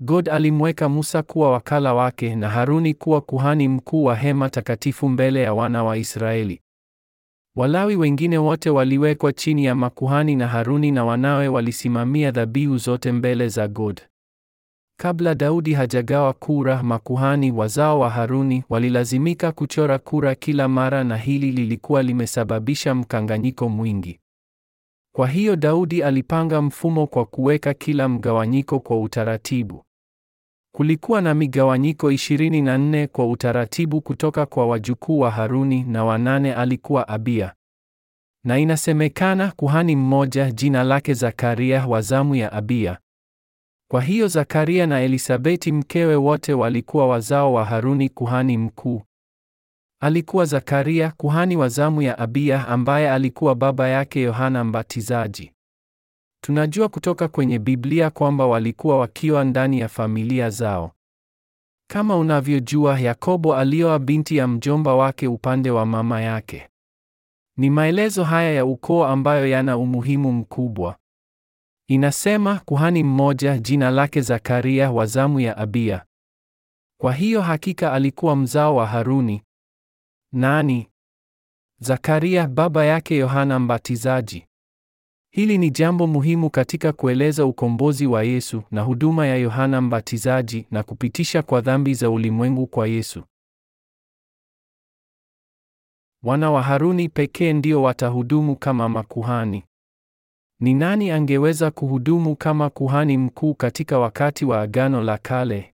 God alimweka Musa kuwa wakala wake na Haruni kuwa kuhani mkuu wa hema takatifu mbele ya wana wa Israeli. Walawi wengine wote waliwekwa chini ya makuhani na Haruni na wanawe walisimamia dhabihu zote mbele za God. Kabla Daudi hajagawa kura, makuhani wazao wa Haruni walilazimika kuchora kura kila mara na hili lilikuwa limesababisha mkanganyiko mwingi. Kwa hiyo Daudi alipanga mfumo kwa kuweka kila mgawanyiko kwa utaratibu. Kulikuwa na migawanyiko 24 kwa utaratibu kutoka kwa wajukuu wa Haruni na wanane alikuwa Abia. Na inasemekana kuhani mmoja jina lake Zakaria wa zamu ya Abia. Kwa hiyo Zakaria na Elisabeti mkewe wote walikuwa wazao wa Haruni kuhani mkuu. Alikuwa Zakaria kuhani wa zamu ya Abiya ambaye alikuwa baba yake Yohana Mbatizaji. Tunajua kutoka kwenye Biblia kwamba walikuwa wakiwa ndani ya familia zao. Kama unavyojua, Yakobo alioa binti ya mjomba wake upande wa mama yake. Ni maelezo haya ya ukoo ambayo yana umuhimu mkubwa. Inasema kuhani mmoja jina lake Zakaria wa zamu ya Abiya. Kwa hiyo hakika alikuwa mzao wa Haruni. Nani? Zakaria baba yake Yohana Mbatizaji. Hili ni jambo muhimu katika kueleza ukombozi wa Yesu na huduma ya Yohana Mbatizaji na kupitisha kwa dhambi za ulimwengu kwa Yesu. Wana wa Haruni pekee ndio watahudumu kama makuhani. Ni nani angeweza kuhudumu kama kuhani mkuu katika wakati wa Agano la Kale?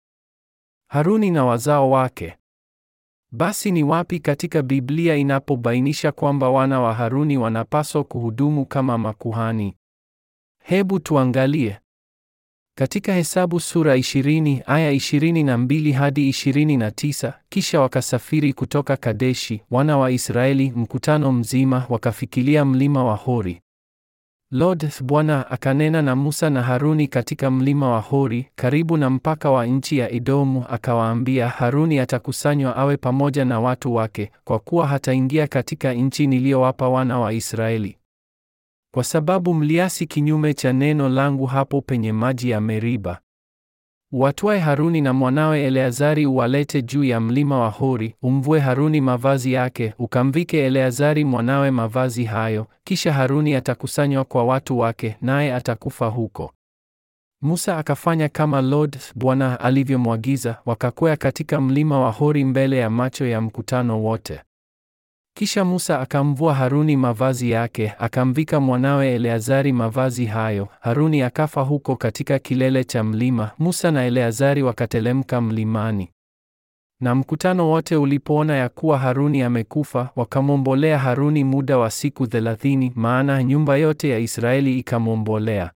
Haruni na wazao wake. Basi ni wapi katika Biblia inapobainisha kwamba wana wa Haruni wanapaswa kuhudumu kama makuhani? Hebu tuangalie. Katika Hesabu sura 20 aya 22 hadi 29, kisha wakasafiri kutoka Kadeshi, wana wa Israeli mkutano mzima, wakafikilia mlima wa Hori. Lord Bwana akanena na Musa na Haruni katika mlima wa Hori karibu na mpaka wa nchi ya Edomu, akawaambia, Haruni atakusanywa awe pamoja na watu wake, kwa kuwa hataingia katika nchi niliyowapa wana wa Israeli, kwa sababu mliasi kinyume cha neno langu hapo penye maji ya Meriba. Watwae Haruni na mwanawe Eleazari uwalete juu ya mlima wa Hori, umvue Haruni mavazi yake, ukamvike Eleazari mwanawe mavazi hayo, kisha Haruni atakusanywa kwa watu wake, naye atakufa huko. Musa akafanya kama Lord Bwana alivyomwagiza, wakakwea katika mlima wa Hori mbele ya macho ya mkutano wote. Kisha Musa akamvua Haruni mavazi yake, akamvika mwanawe Eleazari mavazi hayo. Haruni akafa huko katika kilele cha mlima. Musa na Eleazari wakatelemka mlimani. Na mkutano wote ulipoona ya kuwa Haruni amekufa, wakamwombolea Haruni muda wa siku thelathini, maana nyumba yote ya Israeli ikamwombolea.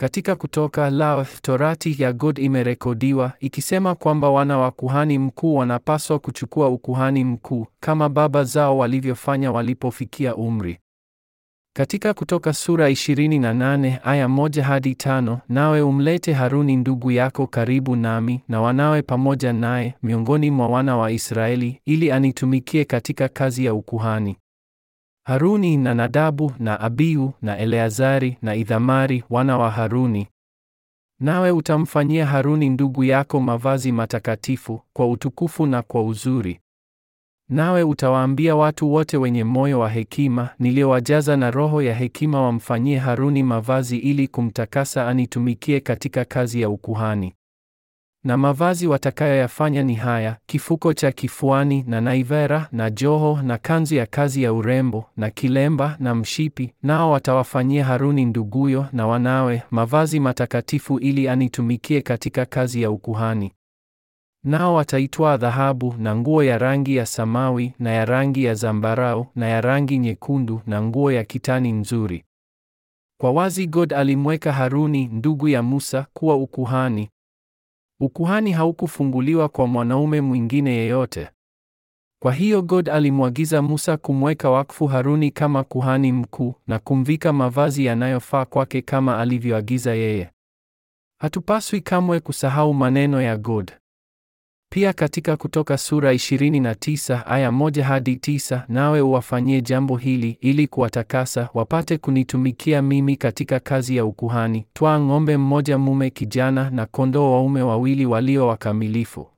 Katika Kutoka la Torati ya God imerekodiwa ikisema kwamba wana wa kuhani mkuu wanapaswa kuchukua ukuhani mkuu kama baba zao walivyofanya walipofikia umri. Katika Kutoka sura 28 aya moja hadi tano, nawe umlete Haruni ndugu yako karibu nami na wanawe pamoja naye miongoni mwa wana wa Israeli ili anitumikie katika kazi ya ukuhani. Haruni na Nadabu na Abiu na Eleazari na Ithamari wana wa Haruni. Nawe utamfanyia Haruni ndugu yako mavazi matakatifu kwa utukufu na kwa uzuri. Nawe utawaambia watu wote wenye moyo wa hekima niliowajaza na roho ya hekima wamfanyie Haruni mavazi ili kumtakasa anitumikie katika kazi ya ukuhani. Na mavazi watakayoyafanya ni haya: kifuko cha kifuani na naivera na joho na kanzu ya kazi ya urembo na kilemba na mshipi. Nao watawafanyia Haruni nduguyo na wanawe mavazi matakatifu, ili anitumikie katika kazi ya ukuhani. Nao wataitwaa dhahabu na nguo ya rangi ya samawi na ya rangi ya zambarau na ya rangi nyekundu na nguo ya kitani nzuri. Kwa wazi God alimweka Haruni ndugu ya Musa kuwa ukuhani Ukuhani haukufunguliwa kwa mwanaume mwingine yeyote. Kwa hiyo God alimwagiza Musa kumweka wakfu Haruni kama kuhani mkuu na kumvika mavazi yanayofaa kwake kama alivyoagiza yeye. Hatupaswi kamwe kusahau maneno ya God. Pia katika Kutoka sura 29 aya moja hadi tisa, nawe uwafanyie jambo hili ili kuwatakasa wapate kunitumikia mimi katika kazi ya ukuhani. Twaa ng'ombe mmoja mume kijana na kondoo waume wawili walio wakamilifu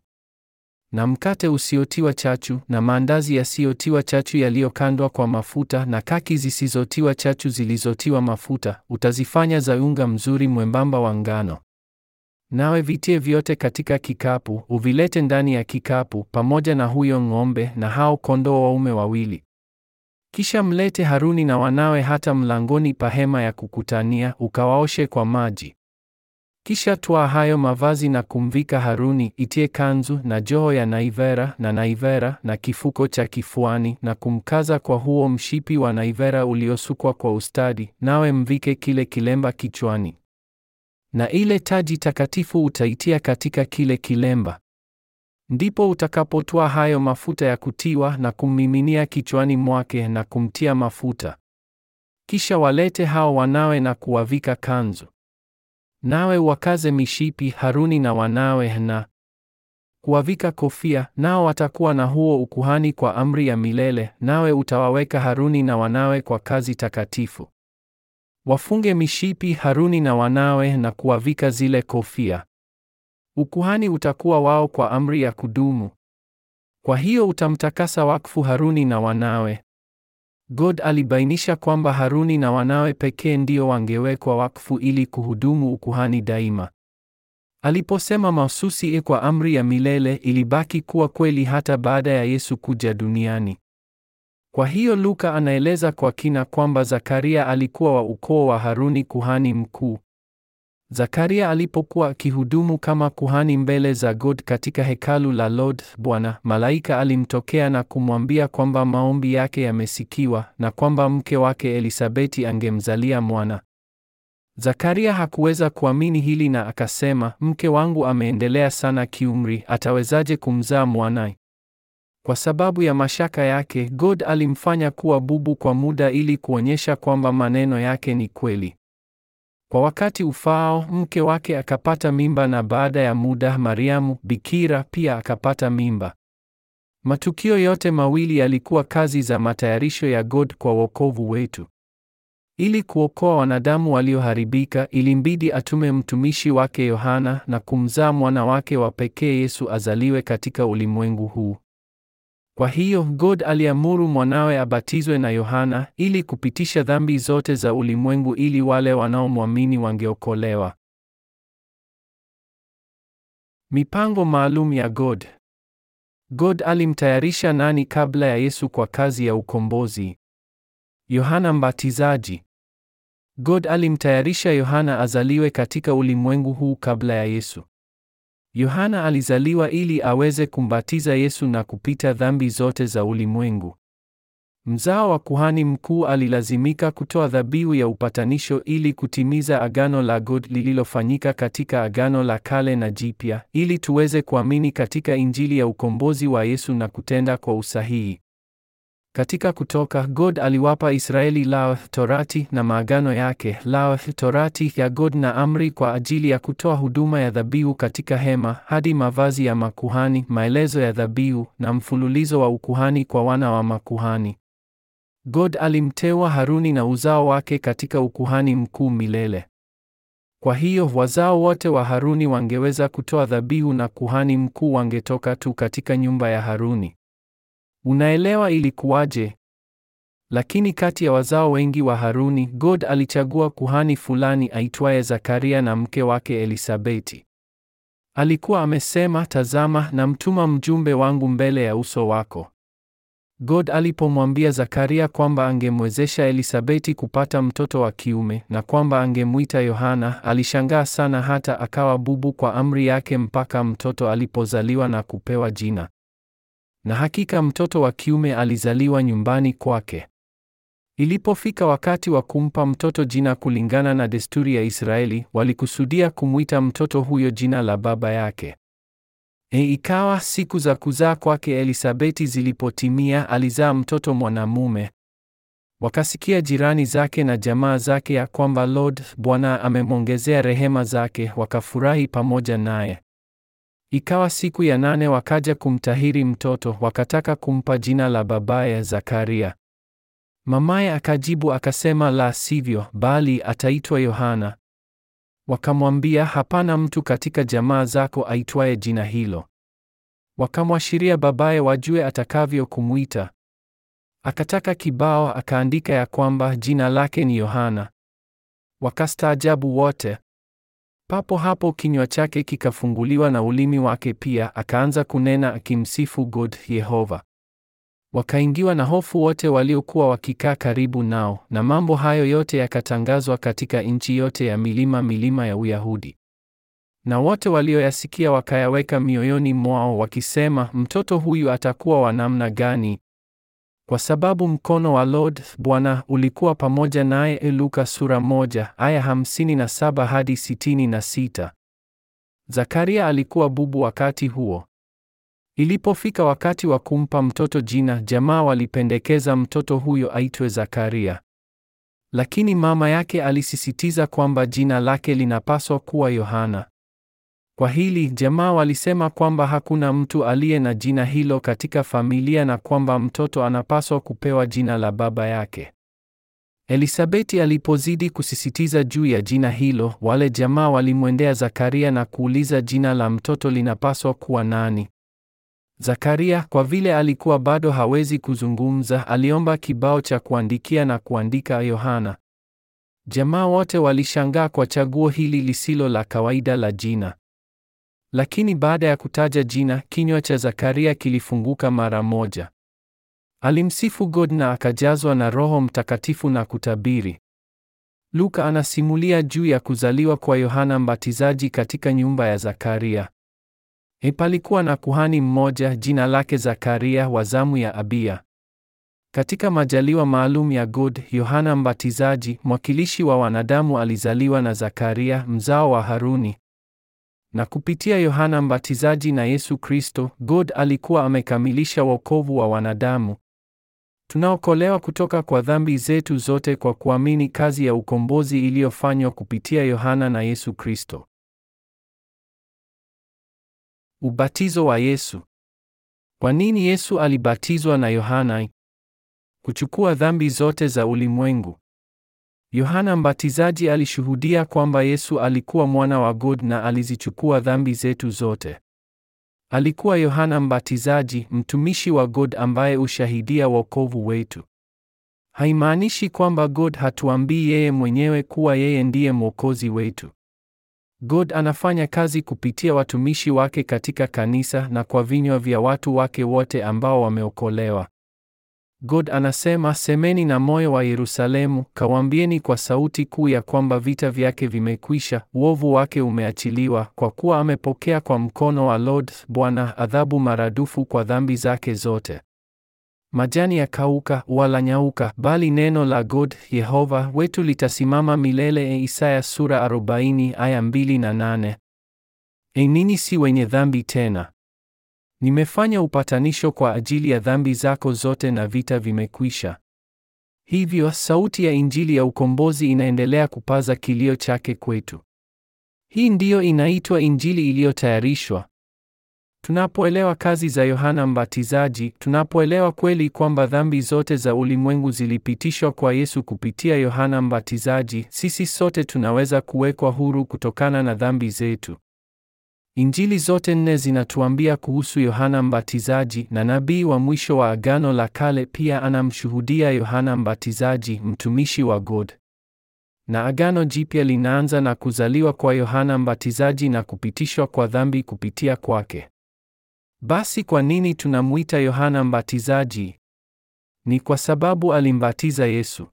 na mkate usiotiwa chachu na maandazi yasiyotiwa chachu yaliyokandwa kwa mafuta na kaki zisizotiwa chachu zilizotiwa mafuta. Utazifanya za unga mzuri mwembamba wa ngano. Nawe vitie vyote katika kikapu, uvilete ndani ya kikapu, pamoja na huyo ng'ombe na hao kondoo waume wawili. Kisha mlete Haruni na wanawe hata mlangoni pa hema ya kukutania, ukawaoshe kwa maji. Kisha twaa hayo mavazi na kumvika Haruni, itie kanzu na joho ya naivera na naivera na kifuko cha kifuani, na kumkaza kwa huo mshipi wa naivera uliosukwa kwa ustadi, nawe mvike kile kilemba kichwani na ile taji takatifu utaitia katika kile kilemba. Ndipo utakapotoa hayo mafuta ya kutiwa na kummiminia kichwani mwake na kumtia mafuta. Kisha walete hao wanawe na kuwavika kanzu, nawe wakaze mishipi Haruni na wanawe na kuwavika kofia, nao watakuwa na huo ukuhani kwa amri ya milele, nawe utawaweka Haruni na wanawe kwa kazi takatifu. Wafunge mishipi Haruni na wanawe na kuwavika zile kofia. Ukuhani utakuwa wao kwa amri ya kudumu. Kwa hiyo utamtakasa wakfu Haruni na wanawe. God alibainisha kwamba Haruni na wanawe pekee ndio wangewekwa wakfu ili kuhudumu ukuhani daima. Aliposema mahususi kwa amri ya milele, ilibaki kuwa kweli hata baada ya Yesu kuja duniani. Kwa hiyo Luka anaeleza kwa kina kwamba Zakaria alikuwa wa ukoo wa Haruni kuhani mkuu. Zakaria alipokuwa akihudumu kama kuhani mbele za God katika hekalu la Lord Bwana, malaika alimtokea na kumwambia kwamba maombi yake yamesikiwa na kwamba mke wake Elisabeti angemzalia mwana. Zakaria hakuweza kuamini hili na akasema, mke wangu ameendelea sana kiumri, atawezaje kumzaa mwana? Kwa sababu ya mashaka yake, God alimfanya kuwa bubu kwa muda ili kuonyesha kwamba maneno yake ni kweli. Kwa wakati ufao mke wake akapata mimba na baada ya muda Mariamu bikira pia akapata mimba. Matukio yote mawili yalikuwa kazi za matayarisho ya God kwa wokovu wetu. Ili kuokoa wanadamu walioharibika, ilimbidi atume mtumishi wake Yohana na kumzaa mwana wake wa pekee Yesu azaliwe katika ulimwengu huu. Kwa hiyo God aliamuru mwanawe abatizwe na Yohana ili kupitisha dhambi zote za ulimwengu ili wale wanaomwamini wangeokolewa. Mipango maalum ya God. God alimtayarisha nani kabla ya Yesu kwa kazi ya ukombozi? Yohana Mbatizaji. God alimtayarisha Yohana azaliwe katika ulimwengu huu kabla ya Yesu. Yohana alizaliwa ili aweze kumbatiza Yesu na kupita dhambi zote za ulimwengu. Mzao wa kuhani mkuu alilazimika kutoa dhabihu ya upatanisho ili kutimiza agano la God lililofanyika katika agano la kale na jipya, ili tuweze kuamini katika injili ya ukombozi wa Yesu na kutenda kwa usahihi. Katika Kutoka, God aliwapa Israeli lao Torati na maagano yake, lao Torati ya God na amri kwa ajili ya kutoa huduma ya dhabihu katika hema, hadi mavazi ya makuhani, maelezo ya dhabihu na mfululizo wa ukuhani kwa wana wa makuhani. God alimtewa Haruni na uzao wake katika ukuhani mkuu milele. Kwa hiyo wazao wote wa Haruni wangeweza kutoa dhabihu na kuhani mkuu wangetoka tu katika nyumba ya Haruni. Unaelewa ilikuwaje? Lakini kati ya wazao wengi wa Haruni, God alichagua kuhani fulani aitwaye Zakaria na mke wake Elisabeti. Alikuwa amesema, tazama, namtuma mjumbe wangu mbele ya uso wako. God alipomwambia Zakaria kwamba angemwezesha Elisabeti kupata mtoto wa kiume na kwamba angemuita Yohana, alishangaa sana hata akawa bubu kwa amri yake mpaka mtoto alipozaliwa na kupewa jina na hakika mtoto wa kiume alizaliwa nyumbani kwake. Ilipofika wakati wa kumpa mtoto jina kulingana na desturi ya Israeli, walikusudia kumwita mtoto huyo jina la baba yake. E, ikawa siku za kuzaa kwake Elisabeti zilipotimia, alizaa mtoto mwanamume. Wakasikia jirani zake na jamaa zake ya kwamba Lord Bwana amemwongezea rehema zake, wakafurahi pamoja naye. Ikawa siku ya nane wakaja kumtahiri mtoto, wakataka kumpa jina la babaye Zakaria. Mamaye akajibu akasema, la sivyo, bali ataitwa Yohana. Wakamwambia, hapana mtu katika jamaa zako aitwaye jina hilo. Wakamwashiria babaye wajue atakavyo kumwita. Akataka kibao akaandika ya kwamba jina lake ni Yohana. Wakastaajabu wote. Papo hapo kinywa chake kikafunguliwa na ulimi wake pia akaanza kunena akimsifu God Yehova. Wakaingiwa na hofu wote waliokuwa wakikaa karibu nao, na mambo hayo yote yakatangazwa katika nchi yote ya milima milima ya Uyahudi. Na wote walioyasikia wakayaweka mioyoni mwao wakisema, mtoto huyu atakuwa wa namna gani? kwa sababu mkono wa Lord Bwana ulikuwa pamoja naye. E Luka sura moja aya hamsini na saba hadi sitini na sita. Zakaria alikuwa bubu wakati huo. Ilipofika wakati wa kumpa mtoto jina, jamaa walipendekeza mtoto huyo aitwe Zakaria, lakini mama yake alisisitiza kwamba jina lake linapaswa kuwa Yohana. Kwa hili, jamaa walisema kwamba hakuna mtu aliye na jina hilo katika familia na kwamba mtoto anapaswa kupewa jina la baba yake. Elisabeti alipozidi kusisitiza juu ya jina hilo, wale jamaa walimwendea Zakaria na kuuliza jina la mtoto linapaswa kuwa nani. Zakaria, kwa vile alikuwa bado hawezi kuzungumza, aliomba kibao cha kuandikia na kuandika Yohana. Jamaa wote walishangaa kwa chaguo hili lisilo la kawaida la jina. Lakini baada ya kutaja jina, kinywa cha Zakaria kilifunguka mara moja. Alimsifu God na akajazwa na Roho Mtakatifu na kutabiri. Luka anasimulia juu ya kuzaliwa kwa Yohana Mbatizaji katika nyumba ya Zakaria. E, palikuwa na kuhani mmoja jina lake Zakaria wa zamu ya Abiya. Katika majaliwa maalum ya God, Yohana Mbatizaji, mwakilishi wa wanadamu, alizaliwa na Zakaria, mzao wa Haruni. Na kupitia Yohana Mbatizaji na Yesu Kristo, God alikuwa amekamilisha wokovu wa wanadamu. Tunaokolewa kutoka kwa dhambi zetu zote kwa kuamini kazi ya ukombozi iliyofanywa kupitia Yohana na Yesu Kristo. Ubatizo wa Yesu. Kwa nini Yesu alibatizwa na Yohana? Kuchukua dhambi zote za ulimwengu. Yohana Mbatizaji alishuhudia kwamba Yesu alikuwa mwana wa God na alizichukua dhambi zetu zote. Alikuwa Yohana Mbatizaji, mtumishi wa God ambaye ushahidia wokovu wetu. Haimaanishi kwamba God hatuambii yeye mwenyewe kuwa yeye ndiye mwokozi wetu. God anafanya kazi kupitia watumishi wake katika kanisa na kwa vinywa vya watu wake wote ambao wameokolewa. God anasema semeni na moyo wa Yerusalemu, kawambieni kwa sauti kuu ya kwamba vita vyake vimekwisha, uovu wake umeachiliwa, kwa kuwa amepokea kwa mkono wa Lord Bwana adhabu maradufu kwa dhambi zake zote. Majani yakauka wala nyauka, bali neno la God Yehova wetu litasimama milele. E, Isaya sura 40 aya 2 na 8. Enini si wenye dhambi tena. Nimefanya upatanisho kwa ajili ya dhambi zako zote na vita vimekwisha. Hivyo sauti ya Injili ya ukombozi inaendelea kupaza kilio chake kwetu. Hii ndiyo inaitwa Injili iliyotayarishwa. Tunapoelewa kazi za Yohana Mbatizaji, tunapoelewa kweli kwamba dhambi zote za ulimwengu zilipitishwa kwa Yesu kupitia Yohana Mbatizaji, sisi sote tunaweza kuwekwa huru kutokana na dhambi zetu. Injili zote nne zinatuambia kuhusu Yohana Mbatizaji na nabii wa mwisho wa Agano la Kale pia anamshuhudia Yohana Mbatizaji, mtumishi wa God. Na Agano Jipya linaanza na kuzaliwa kwa Yohana Mbatizaji na kupitishwa kwa dhambi kupitia kwake. Basi kwa nini tunamwita Yohana Mbatizaji? Ni kwa sababu alimbatiza Yesu.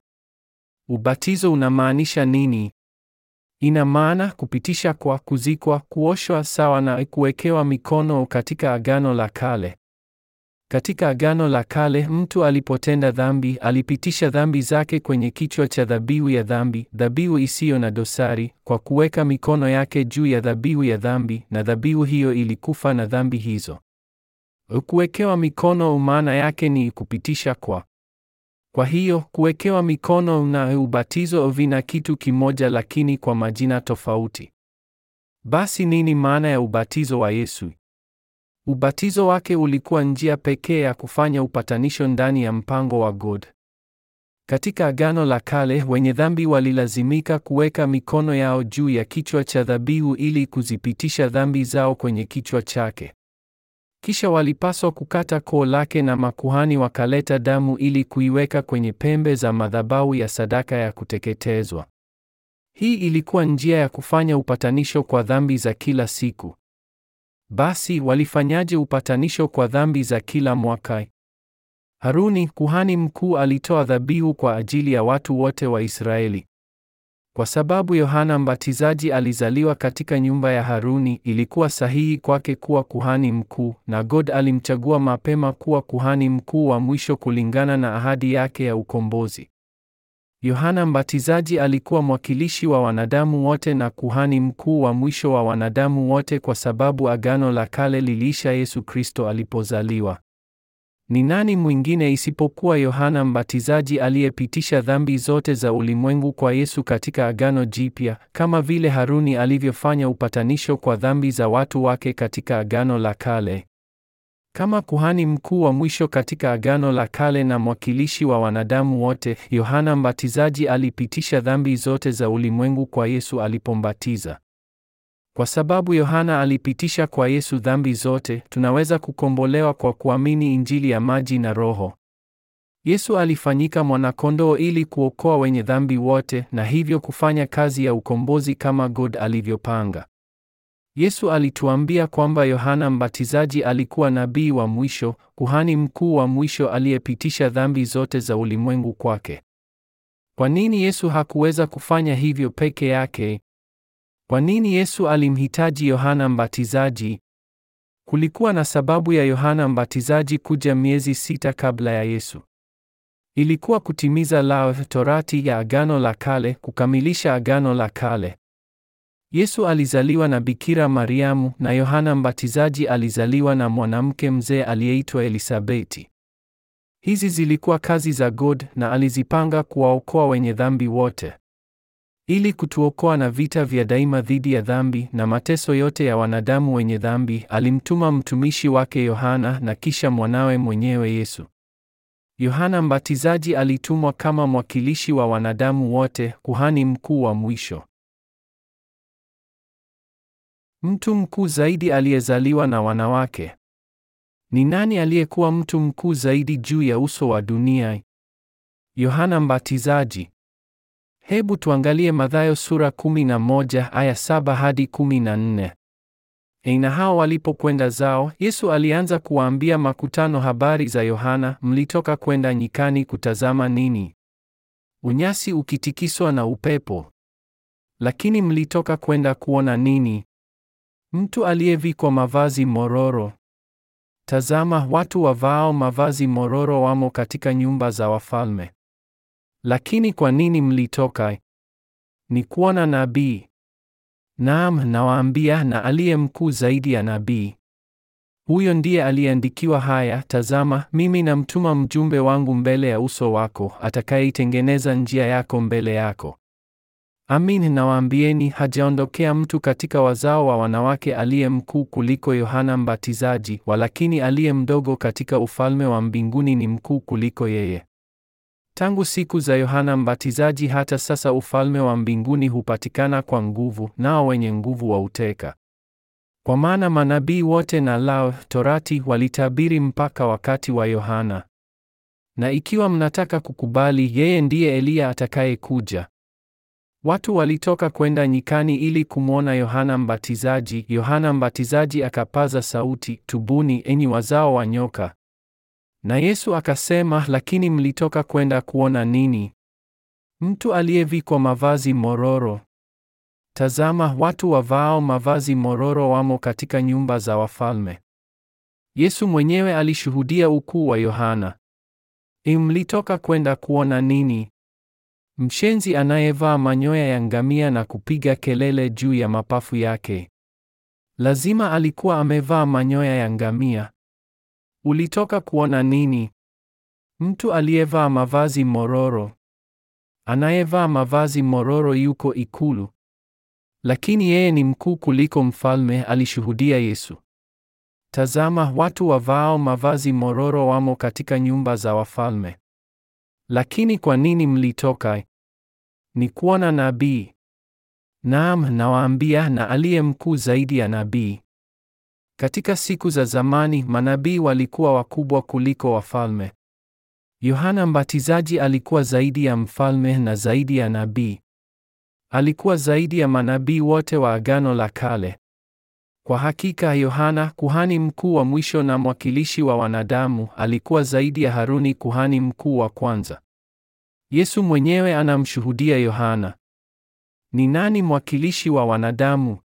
Ubatizo unamaanisha nini? Ina maana kupitisha kwa kuzikwa, kuoshwa sawa na kuwekewa mikono katika Agano la Kale. Katika Agano la Kale, mtu alipotenda dhambi, alipitisha dhambi zake kwenye kichwa cha dhabihu ya dhambi, dhabihu isiyo na dosari, kwa kuweka mikono yake juu ya dhabihu ya dhambi, na dhabihu hiyo ilikufa na dhambi hizo. Kuwekewa mikono maana yake ni kupitisha kwa kwa hiyo kuwekewa mikono na ubatizo vina kitu kimoja, lakini kwa majina tofauti. Basi nini maana ya ubatizo wa Yesu? Ubatizo wake ulikuwa njia pekee ya kufanya upatanisho ndani ya mpango wa God. Katika Agano la Kale, wenye dhambi walilazimika kuweka mikono yao juu ya kichwa cha dhabihu ili kuzipitisha dhambi zao kwenye kichwa chake. Kisha walipaswa kukata koo lake na makuhani wakaleta damu ili kuiweka kwenye pembe za madhabahu ya sadaka ya kuteketezwa. Hii ilikuwa njia ya kufanya upatanisho kwa dhambi za kila siku. Basi walifanyaje upatanisho kwa dhambi za kila mwaka? Haruni kuhani mkuu alitoa dhabihu kwa ajili ya watu wote wa Israeli. Kwa sababu Yohana Mbatizaji alizaliwa katika nyumba ya Haruni, ilikuwa sahihi kwake kuwa kuhani mkuu, na God alimchagua mapema kuwa kuhani mkuu wa mwisho kulingana na ahadi yake ya ukombozi. Yohana Mbatizaji alikuwa mwakilishi wa wanadamu wote na kuhani mkuu wa mwisho wa wanadamu wote kwa sababu Agano la Kale liliisha Yesu Kristo alipozaliwa. Ni nani mwingine isipokuwa Yohana Mbatizaji aliyepitisha dhambi zote za ulimwengu kwa Yesu katika Agano Jipya, kama vile Haruni alivyofanya upatanisho kwa dhambi za watu wake katika Agano la Kale? Kama kuhani mkuu wa mwisho katika Agano la Kale na mwakilishi wa wanadamu wote, Yohana Mbatizaji alipitisha dhambi zote za ulimwengu kwa Yesu alipombatiza. Kwa sababu Yohana alipitisha kwa Yesu dhambi zote, tunaweza kukombolewa kwa kuamini Injili ya maji na Roho. Yesu alifanyika mwanakondoo ili kuokoa wenye dhambi wote na hivyo kufanya kazi ya ukombozi kama God alivyopanga. Yesu alituambia kwamba Yohana Mbatizaji alikuwa nabii wa mwisho, kuhani mkuu wa mwisho aliyepitisha dhambi zote za ulimwengu kwake. Kwa nini Yesu hakuweza kufanya hivyo peke yake? Kwa nini Yesu alimhitaji Yohana Mbatizaji? Kulikuwa na sababu ya Yohana Mbatizaji kuja miezi sita kabla ya Yesu. Ilikuwa kutimiza lao Torati ya Agano la Kale, kukamilisha Agano la Kale. Yesu alizaliwa na Bikira Mariamu na Yohana Mbatizaji alizaliwa na mwanamke mzee aliyeitwa Elisabeti. Hizi zilikuwa kazi za God na alizipanga kuwaokoa wenye dhambi wote ili kutuokoa na vita vya daima dhidi ya dhambi na mateso yote ya wanadamu wenye dhambi, alimtuma mtumishi wake Yohana na kisha mwanawe mwenyewe Yesu. Yohana Mbatizaji alitumwa kama mwakilishi wa wanadamu wote, kuhani mkuu wa mwisho. Mtu mkuu zaidi aliyezaliwa na wanawake. Ni nani aliyekuwa mtu mkuu zaidi juu ya uso wa dunia? Yohana Mbatizaji. Hebu tuangalie Mathayo sura 11 aya 7 hadi 14. Na hao walipokwenda zao, Yesu alianza kuwaambia makutano habari za Yohana, mlitoka kwenda nyikani kutazama nini? Unyasi ukitikiswa na upepo. Lakini mlitoka kwenda kuona nini? Mtu aliyevikwa mavazi mororo. Tazama, watu wavao mavazi mororo wamo katika nyumba za wafalme. Lakini kwa nini mlitoka? Ni kuona nabii. Naam, nawaambia, na aliye mkuu zaidi ya nabii. Huyo ndiye aliyeandikiwa haya: Tazama, mimi namtuma mjumbe wangu mbele ya uso wako, atakayeitengeneza njia yako mbele yako. Amin, nawaambieni, hajaondokea mtu katika wazao wa wanawake aliye mkuu kuliko Yohana Mbatizaji, walakini aliye mdogo katika ufalme wa mbinguni ni mkuu kuliko yeye. Tangu siku za Yohana Mbatizaji hata sasa ufalme wa mbinguni hupatikana kwa nguvu, nao wenye nguvu wa uteka Kwa maana manabii wote na lao Torati walitabiri mpaka wakati wa Yohana. Na ikiwa mnataka kukubali, yeye ndiye Eliya atakayekuja. Watu walitoka kwenda nyikani ili kumwona Yohana Mbatizaji. Yohana Mbatizaji akapaza sauti, tubuni enyi wazao wa nyoka, na Yesu akasema, lakini mlitoka kwenda kuona nini? Mtu aliyevikwa mavazi mororo? Tazama, watu wavao mavazi mororo wamo katika nyumba za wafalme. Yesu mwenyewe alishuhudia ukuu wa Yohana. Mlitoka kwenda kuona nini? Mshenzi anayevaa manyoya ya ngamia na kupiga kelele juu ya mapafu yake. Lazima alikuwa amevaa manyoya ya ngamia. Ulitoka kuona nini? Mtu aliyevaa mavazi mororo. Anayevaa mavazi mororo yuko ikulu. Lakini yeye ni mkuu kuliko mfalme, alishuhudia Yesu. Tazama, watu wavaao mavazi mororo wamo katika nyumba za wafalme. Lakini kwa nini mlitoka? Ni kuona nabii. Naam, nawaambia, na aliye mkuu zaidi ya nabii. Katika siku za zamani manabii walikuwa wakubwa kuliko wafalme. Yohana Mbatizaji alikuwa zaidi ya mfalme na zaidi ya nabii. Alikuwa zaidi ya manabii wote wa Agano la Kale. Kwa hakika Yohana, kuhani mkuu wa mwisho na mwakilishi wa wanadamu, alikuwa zaidi ya Haruni, kuhani mkuu wa kwanza. Yesu mwenyewe anamshuhudia Yohana. Ni nani mwakilishi wa wanadamu?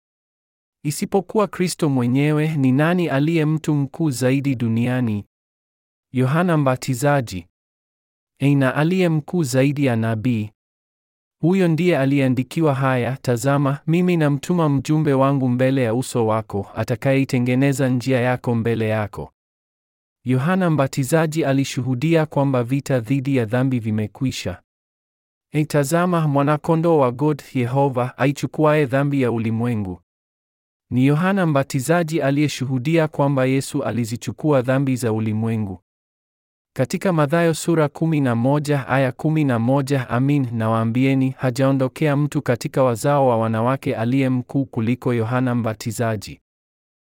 Isipokuwa Kristo mwenyewe, ni nani aliye mtu mkuu zaidi duniani? Yohana Mbatizaji. Eina aliye mkuu zaidi ya nabii. Huyo ndiye aliyeandikiwa haya, tazama, mimi namtuma mjumbe wangu mbele ya uso wako, atakayeitengeneza njia yako mbele yako. Yohana Mbatizaji alishuhudia kwamba vita dhidi ya dhambi vimekwisha. Itazama mwanakondoo wa God Yehova aichukuaye dhambi ya ulimwengu. Ni Yohana Mbatizaji aliyeshuhudia kwamba Yesu alizichukua dhambi za ulimwengu. Katika Mathayo sura 11 aya 11, amin nawaambieni, hajaondokea mtu katika wazao wa wanawake aliye mkuu kuliko Yohana Mbatizaji.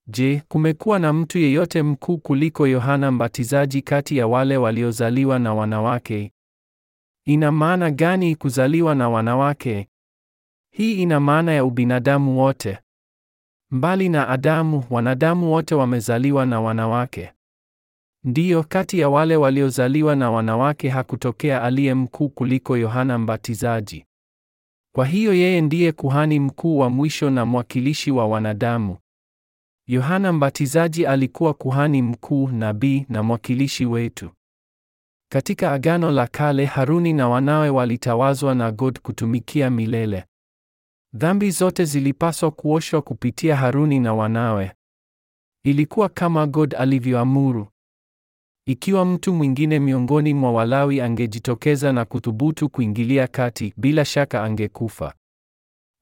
Je, kumekuwa na mtu yeyote mkuu kuliko Yohana Mbatizaji kati ya wale waliozaliwa na wanawake? Ina maana gani kuzaliwa na wanawake? Hii ina maana ya ubinadamu wote. Mbali na Adamu, wanadamu wote wamezaliwa na wanawake. Ndiyo, kati ya wale waliozaliwa na wanawake hakutokea aliye mkuu kuliko Yohana Mbatizaji. Kwa hiyo yeye ndiye kuhani mkuu wa mwisho na mwakilishi wa wanadamu. Yohana Mbatizaji alikuwa kuhani mkuu, nabii na mwakilishi wetu. Katika Agano la Kale, Haruni na wanawe walitawazwa na God kutumikia milele. Dhambi zote zilipaswa kuoshwa kupitia Haruni na wanawe. Ilikuwa kama God alivyoamuru. Ikiwa mtu mwingine miongoni mwa Walawi angejitokeza na kuthubutu kuingilia kati, bila shaka angekufa.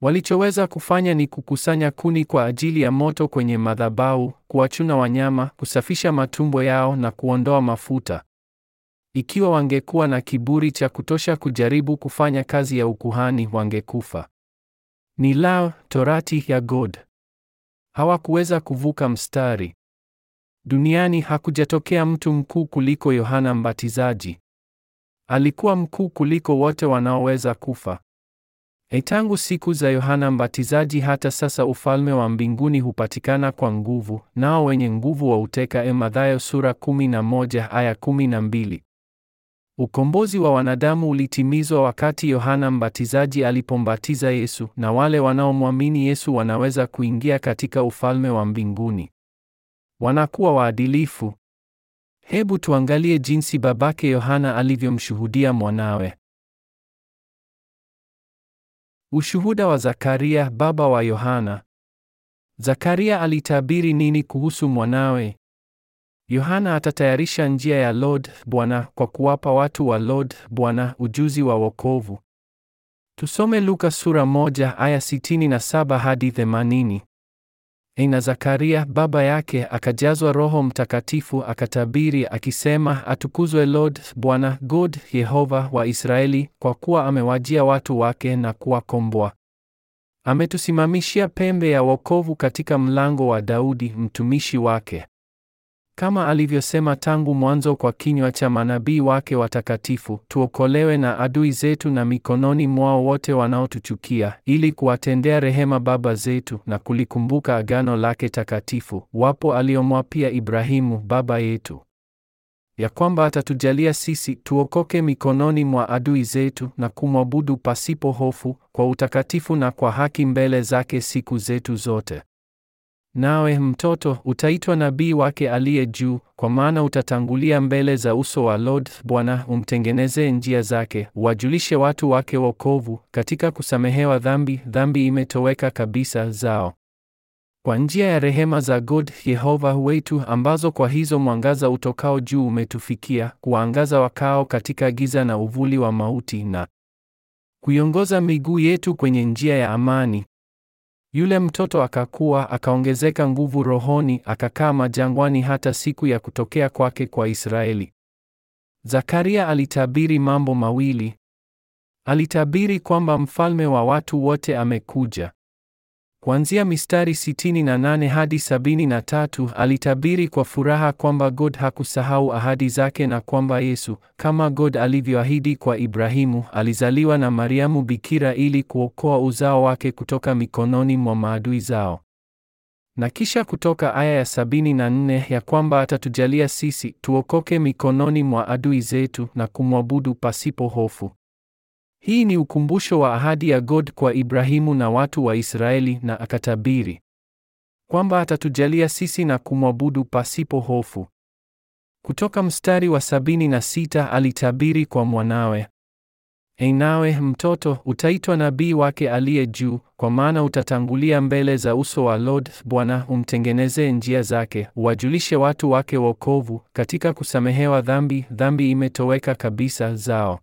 Walichoweza kufanya ni kukusanya kuni kwa ajili ya moto kwenye madhabahu, kuwachuna wanyama, kusafisha matumbo yao na kuondoa mafuta. Ikiwa wangekuwa na kiburi cha kutosha kujaribu kufanya kazi ya ukuhani, wangekufa ni lao torati ya God. Hawakuweza kuvuka mstari. Duniani hakujatokea mtu mkuu kuliko Yohana Mbatizaji. Alikuwa mkuu kuliko wote wanaoweza kufa. E, tangu siku za Yohana Mbatizaji hata sasa ufalme wa mbinguni hupatikana kwa nguvu, nao wenye nguvu wa E, Mathayo sura 11 aya 12. Ukombozi wa wanadamu ulitimizwa wakati Yohana Mbatizaji alipombatiza Yesu na wale wanaomwamini Yesu wanaweza kuingia katika ufalme wa mbinguni. Wanakuwa waadilifu. Hebu tuangalie jinsi babake Yohana alivyomshuhudia mwanawe. Ushuhuda wa Zakaria, baba wa Yohana. Zakaria alitabiri nini kuhusu mwanawe? Yohana atatayarisha njia ya Lord Bwana kwa kuwapa watu wa Lord Bwana ujuzi wa wokovu. Tusome Luka sura moja aya sitini na saba hadi themanini. Na Zakaria baba yake akajazwa Roho Mtakatifu akatabiri akisema, atukuzwe Lord Bwana God Yehova wa Israeli, kwa kuwa amewajia watu wake na kuwakomboa. Ametusimamishia pembe ya wokovu katika mlango wa Daudi mtumishi wake. Kama alivyosema tangu mwanzo kwa kinywa cha manabii wake watakatifu, tuokolewe na adui zetu na mikononi mwao wote wanaotuchukia, ili kuwatendea rehema baba zetu na kulikumbuka agano lake takatifu, wapo aliomwapia Ibrahimu baba yetu, ya kwamba atatujalia sisi tuokoke mikononi mwa adui zetu na kumwabudu pasipo hofu, kwa utakatifu na kwa haki mbele zake siku zetu zote. Nawe mtoto utaitwa nabii wake aliye juu, kwa maana utatangulia mbele za uso wa Lord Bwana umtengenezee njia zake, uwajulishe watu wake wokovu, katika kusamehewa dhambi, dhambi imetoweka kabisa zao, kwa njia ya rehema za God Yehova wetu, ambazo kwa hizo mwangaza utokao juu umetufikia, kuwaangaza wakao katika giza na uvuli wa mauti, na kuiongoza miguu yetu kwenye njia ya amani. Yule mtoto akakua, akaongezeka nguvu rohoni, akakaa jangwani hata siku ya kutokea kwake kwa Israeli. Zakaria alitabiri mambo mawili. Alitabiri kwamba mfalme wa watu wote amekuja. Kuanzia mistari 68 hadi 73 alitabiri kwa furaha kwamba God hakusahau ahadi zake na kwamba Yesu, kama God alivyoahidi kwa Ibrahimu, alizaliwa na Mariamu bikira ili kuokoa uzao wake kutoka mikononi mwa maadui zao. Na kisha kutoka aya ya 74 ya kwamba atatujalia sisi tuokoke mikononi mwa adui zetu na kumwabudu pasipo hofu. Hii ni ukumbusho wa ahadi ya God kwa Ibrahimu na watu wa Israeli, na akatabiri kwamba atatujalia sisi na kumwabudu pasipo hofu. Kutoka mstari wa sabini na sita alitabiri kwa mwanawe, Enawe mtoto, utaitwa nabii wake aliye juu, kwa maana utatangulia mbele za uso wa Lord Bwana umtengenezee njia zake, uwajulishe watu wake wokovu, katika kusamehewa dhambi, dhambi imetoweka kabisa zao.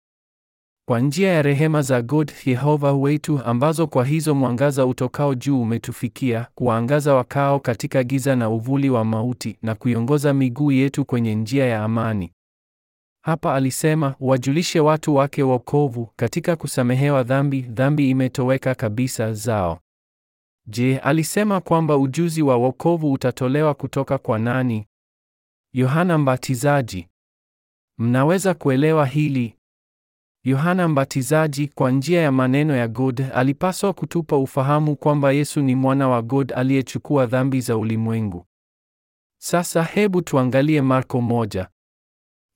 Kwa njia ya rehema za God Yehova wetu ambazo kwa hizo mwangaza utokao juu umetufikia, kuwaangaza wakao katika giza na uvuli wa mauti na kuiongoza miguu yetu kwenye njia ya amani. Hapa alisema, wajulishe watu wake wokovu katika kusamehewa dhambi, dhambi imetoweka kabisa zao. Je, alisema kwamba ujuzi wa wokovu utatolewa kutoka kwa nani? Yohana Mbatizaji. Mnaweza kuelewa hili? Yohana Mbatizaji kwa njia ya maneno ya God alipaswa kutupa ufahamu kwamba Yesu ni mwana wa God aliyechukua dhambi za ulimwengu. Sasa hebu tuangalie Marko moja.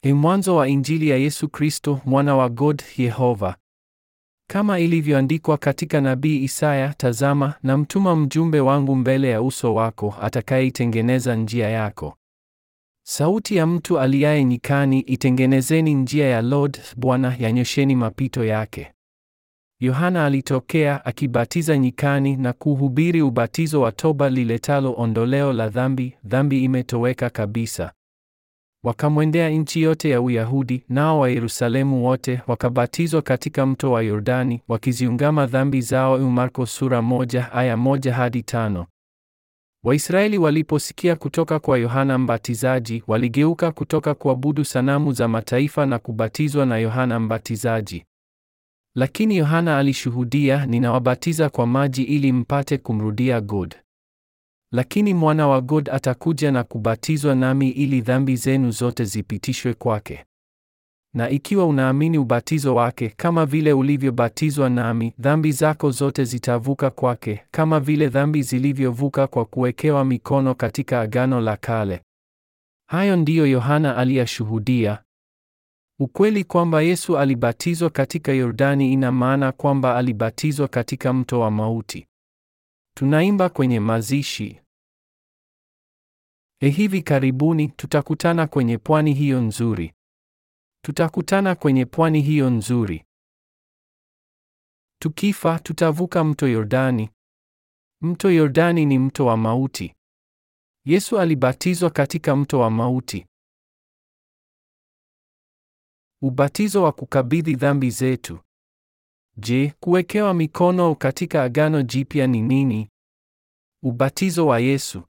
Ni mwanzo wa Injili ya Yesu Kristo, mwana wa God Yehova. Kama ilivyoandikwa katika nabii Isaya, tazama, namtuma mjumbe wangu mbele ya uso wako, atakayeitengeneza njia yako. Sauti ya mtu aliaye nyikani, itengenezeni njia ya Lord Bwana, yanyosheni mapito yake. Yohana alitokea akibatiza nyikani na kuhubiri ubatizo wa toba liletalo ondoleo la dhambi, dhambi imetoweka kabisa. Wakamwendea nchi yote ya Uyahudi nao wa Yerusalemu wote wakabatizwa katika mto wa Yordani, wakiziungama dhambi zao. Marko sura moja aya moja hadi tano. Waisraeli waliposikia kutoka kwa Yohana Mbatizaji, waligeuka kutoka kuabudu sanamu za mataifa na kubatizwa na Yohana Mbatizaji. Lakini Yohana alishuhudia, ninawabatiza kwa maji ili mpate kumrudia God. Lakini mwana wa God atakuja na kubatizwa nami ili dhambi zenu zote zipitishwe kwake na ikiwa unaamini ubatizo wake kama vile ulivyobatizwa nami, dhambi zako zote zitavuka kwake, kama vile dhambi zilivyovuka kwa kuwekewa mikono katika Agano la Kale. Hayo ndiyo Yohana aliyashuhudia. Ukweli kwamba Yesu alibatizwa katika Yordani ina maana kwamba alibatizwa katika mto wa mauti. Tunaimba kwenye mazishi. e, hivi karibuni tutakutana kwenye pwani hiyo nzuri. Tutakutana kwenye pwani hiyo nzuri. Tukifa tutavuka mto Yordani. Mto Yordani ni mto wa mauti. Yesu alibatizwa katika mto wa mauti. Ubatizo wa kukabidhi dhambi zetu. Je, kuwekewa mikono katika Agano Jipya ni nini? Ubatizo wa Yesu.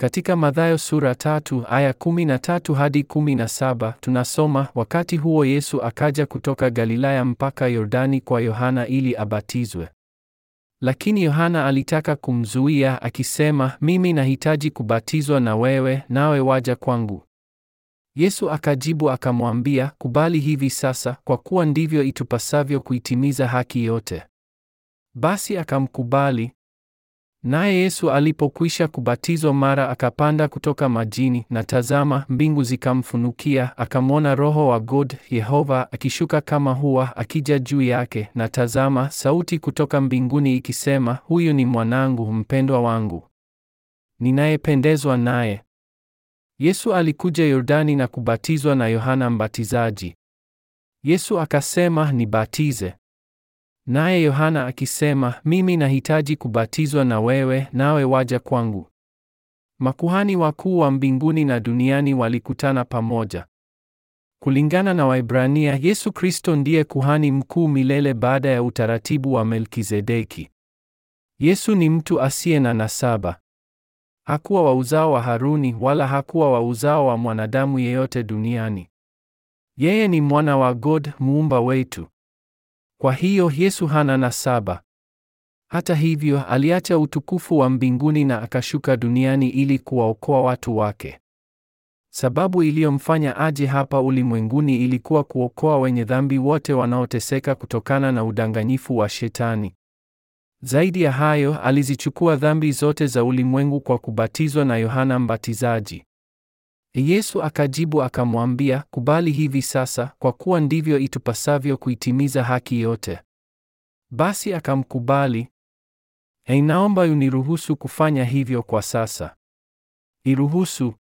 Katika Mathayo sura tatu aya kumi na tatu hadi kumi na saba tunasoma, wakati huo Yesu akaja kutoka Galilaya mpaka Yordani kwa Yohana ili abatizwe. Lakini Yohana alitaka kumzuia akisema, mimi nahitaji kubatizwa na wewe, nawe waja kwangu? Yesu akajibu akamwambia, kubali hivi sasa, kwa kuwa ndivyo itupasavyo kuitimiza haki yote. Basi akamkubali. Naye Yesu alipokwisha kubatizwa mara akapanda kutoka majini, na tazama, mbingu zikamfunukia, akamwona Roho wa God Yehova akishuka kama hua akija juu yake, na tazama, sauti kutoka mbinguni ikisema, huyu ni mwanangu mpendwa wangu ninayependezwa naye. Yesu alikuja Yordani na kubatizwa na Yohana Mbatizaji. Yesu akasema, nibatize. Naye Yohana akisema, mimi nahitaji kubatizwa na wewe, nawe waja kwangu. Makuhani wakuu wa mbinguni na duniani walikutana pamoja. Kulingana na Waibrania, Yesu Kristo ndiye kuhani mkuu milele baada ya utaratibu wa Melkizedeki. Yesu ni mtu asiye na nasaba. Hakuwa wa uzao wa Haruni wala hakuwa wa uzao wa mwanadamu yeyote duniani. Yeye ni mwana wa God, muumba wetu. Kwa hiyo Yesu hana nasaba. Hata hivyo, aliacha utukufu wa mbinguni na akashuka duniani ili kuwaokoa watu wake. Sababu iliyomfanya aje hapa ulimwenguni ilikuwa kuokoa wenye dhambi wote wanaoteseka kutokana na udanganyifu wa Shetani. Zaidi ya hayo, alizichukua dhambi zote za ulimwengu kwa kubatizwa na Yohana Mbatizaji. Yesu akajibu akamwambia, kubali hivi sasa, kwa kuwa ndivyo itupasavyo kuitimiza haki yote. Basi akamkubali. Hey, naomba uniruhusu kufanya hivyo kwa sasa. Iruhusu.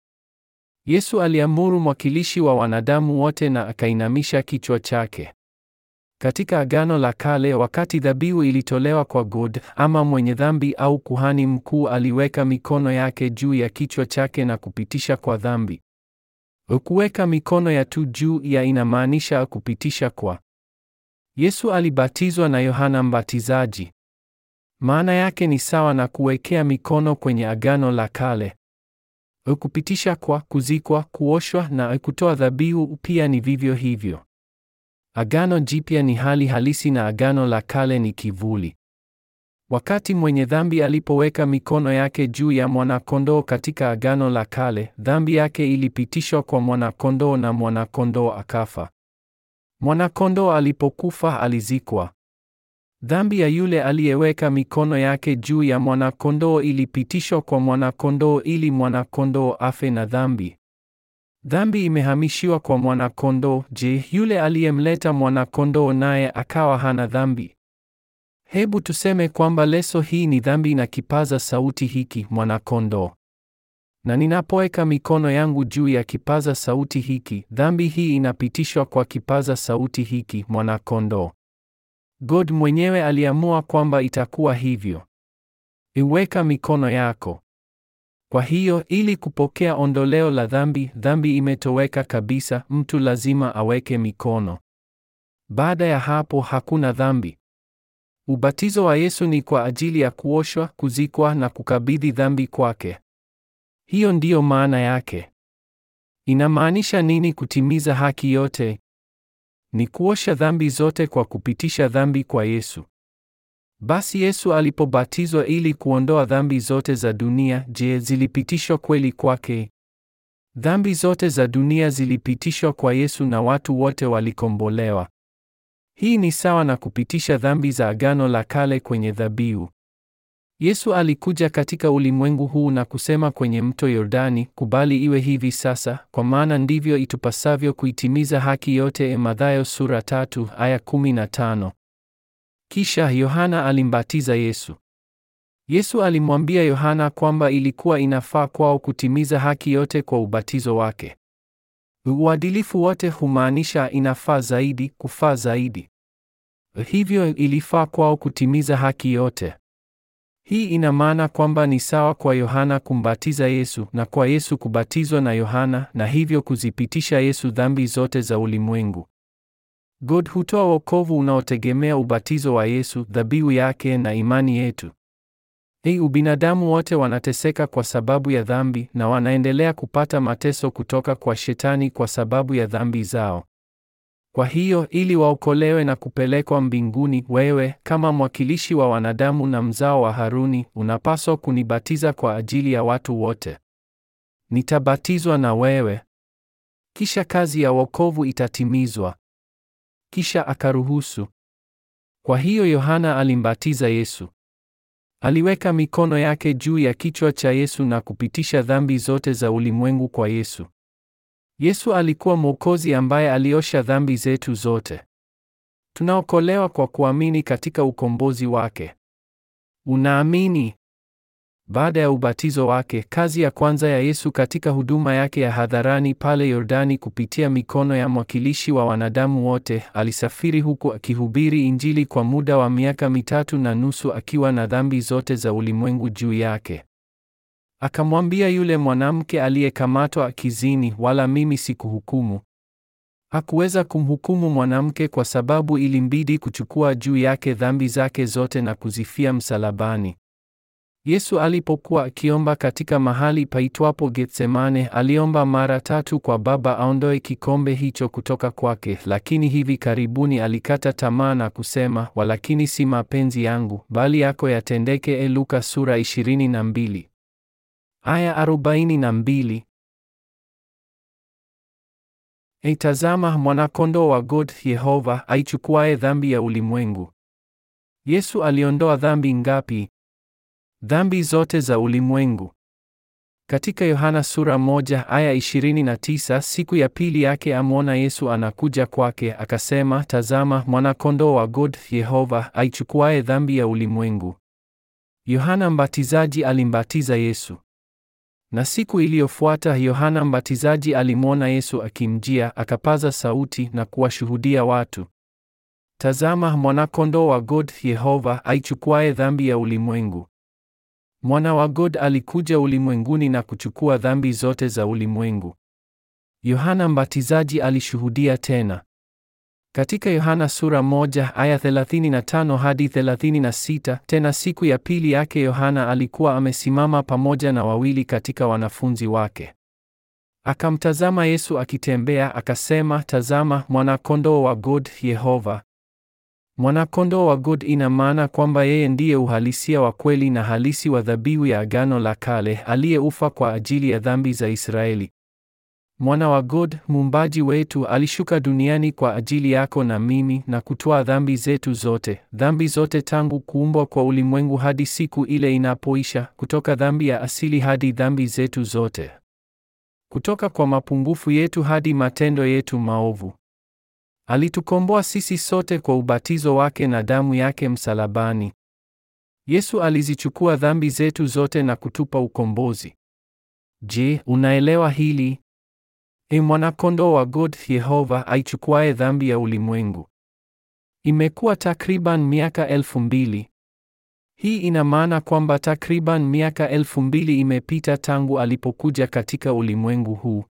Yesu aliamuru mwakilishi wa wanadamu wote na akainamisha kichwa chake. Katika Agano la Kale, wakati dhabihu ilitolewa kwa God ama mwenye dhambi au kuhani mkuu, aliweka mikono yake juu ya kichwa chake na kupitisha kwa dhambi. Kuweka mikono ya tu juu ya inamaanisha kupitisha kwa. Yesu alibatizwa na Yohana Mbatizaji. Maana yake ni sawa na kuwekea mikono kwenye Agano la Kale. Kupitisha kwa, kuzikwa, kuoshwa na kutoa dhabihu pia ni vivyo hivyo. Agano Jipya ni hali halisi na Agano la Kale ni kivuli. Wakati mwenye dhambi alipoweka mikono yake juu ya mwanakondoo katika Agano la Kale, dhambi yake ilipitishwa kwa mwanakondoo na mwanakondoo akafa. Mwanakondoo alipokufa alizikwa. Dhambi ya yule aliyeweka mikono yake juu ya mwanakondoo ilipitishwa kwa mwanakondoo ili mwanakondoo afe na dhambi. Dhambi imehamishiwa kwa mwanakondoo. Je, yule aliyemleta mwanakondoo naye akawa hana dhambi? Hebu tuseme kwamba leso hii ni dhambi na kipaza sauti hiki mwanakondoo. Na ninapoweka mikono yangu juu ya kipaza sauti hiki, dhambi hii inapitishwa kwa kipaza sauti hiki mwanakondoo. God mwenyewe aliamua kwamba itakuwa hivyo. Iweka mikono yako. Kwa hiyo ili kupokea ondoleo la dhambi, dhambi imetoweka kabisa, mtu lazima aweke mikono. Baada ya hapo hakuna dhambi. Ubatizo wa Yesu ni kwa ajili ya kuoshwa, kuzikwa na kukabidhi dhambi kwake. Hiyo ndiyo maana yake. Inamaanisha nini kutimiza haki yote? Ni kuosha dhambi zote kwa kupitisha dhambi kwa Yesu. Basi Yesu alipobatizwa ili kuondoa dhambi zote za dunia, je, zilipitishwa kweli kwake? Dhambi zote za dunia zilipitishwa kwa Yesu na watu wote walikombolewa. Hii ni sawa na kupitisha dhambi za Agano la Kale kwenye dhabihu. Yesu alikuja katika ulimwengu huu na kusema kwenye mto Yordani, kubali iwe hivi sasa, kwa maana ndivyo itupasavyo kuitimiza haki yote. Mathayo sura tatu aya 15. Kisha Yohana alimbatiza Yesu. Yesu alimwambia Yohana kwamba ilikuwa inafaa kwao kutimiza haki yote kwa ubatizo wake. Uadilifu wote humaanisha inafaa zaidi, kufaa zaidi. Hivyo ilifaa kwao kutimiza haki yote. Hii ina maana kwamba ni sawa kwa Yohana kumbatiza Yesu na kwa Yesu kubatizwa na Yohana na hivyo kuzipitisha Yesu dhambi zote za ulimwengu. God hutoa wokovu unaotegemea ubatizo wa Yesu, dhabihu yake na imani yetu. Hii ubinadamu wote wanateseka kwa sababu ya dhambi na wanaendelea kupata mateso kutoka kwa shetani kwa sababu ya dhambi zao. Kwa hiyo ili waokolewe na kupelekwa mbinguni, wewe kama mwakilishi wa wanadamu na mzao wa Haruni, unapaswa kunibatiza kwa ajili ya watu wote. Nitabatizwa na wewe. Kisha kazi ya wokovu itatimizwa kisha akaruhusu. Kwa hiyo Yohana alimbatiza Yesu. Aliweka mikono yake juu ya kichwa cha Yesu na kupitisha dhambi zote za ulimwengu kwa Yesu. Yesu alikuwa Mwokozi ambaye aliosha dhambi zetu zote. Tunaokolewa kwa kuamini katika ukombozi wake. Unaamini? Baada ya ubatizo wake, kazi ya kwanza ya Yesu katika huduma yake ya hadharani pale Yordani kupitia mikono ya mwakilishi wa wanadamu wote, alisafiri huku akihubiri Injili kwa muda wa miaka mitatu na nusu akiwa na dhambi zote za ulimwengu juu yake. Akamwambia yule mwanamke aliyekamatwa akizini, wala mimi sikuhukumu. Hakuweza kumhukumu mwanamke kwa sababu ilimbidi kuchukua juu yake dhambi zake zote na kuzifia msalabani. Yesu alipokuwa akiomba katika mahali paitwapo Getsemane, aliomba mara tatu kwa Baba aondoe kikombe hicho kutoka kwake, lakini hivi karibuni alikata tamaa na kusema, walakini si mapenzi yangu bali yako yatendeke. E, Luka sura 22 aya 42. Eitazama mwanakondoo wa God Yehova aichukuaye dhambi ya ulimwengu. Yesu aliondoa dhambi ngapi? dhambi zote za ulimwengu. Katika Yohana sura moja aya 29, siku ya pili yake amwona Yesu anakuja kwake, akasema, tazama mwanakondoo wa God Yehova aichukuaye dhambi ya ulimwengu. Yohana Mbatizaji alimbatiza Yesu, na siku iliyofuata Yohana Mbatizaji alimwona Yesu akimjia, akapaza sauti na kuwashuhudia watu, tazama mwanakondoo wa God Yehova aichukuaye dhambi ya ulimwengu. Mwana wa God alikuja ulimwenguni na kuchukua dhambi zote za ulimwengu. Yohana Mbatizaji alishuhudia tena. Katika Yohana sura moja aya 35 hadi 36, tena siku ya pili yake Yohana alikuwa amesimama pamoja na wawili katika wanafunzi wake. Akamtazama Yesu akitembea, akasema, tazama mwana kondoo wa God Yehova. Mwanakondoo wa God ina maana kwamba yeye ndiye uhalisia wa kweli na halisi wa dhabihu ya agano la kale aliyeufa kwa ajili ya dhambi za Israeli. Mwana wa God, muumbaji wetu, alishuka duniani kwa ajili yako na mimi na kutoa dhambi zetu zote, dhambi zote tangu kuumbwa kwa ulimwengu hadi siku ile inapoisha, kutoka dhambi ya asili hadi dhambi zetu zote, kutoka kwa mapungufu yetu hadi matendo yetu maovu. Alitukomboa sisi sote kwa ubatizo wake na damu yake msalabani. Yesu alizichukua dhambi zetu zote na kutupa ukombozi. Je, unaelewa hili? E mwanakondoo wa God Yehova aichukuaye dhambi ya ulimwengu. Imekuwa takriban miaka elfu mbili. Hii ina maana kwamba takriban miaka elfu mbili imepita tangu alipokuja katika ulimwengu huu.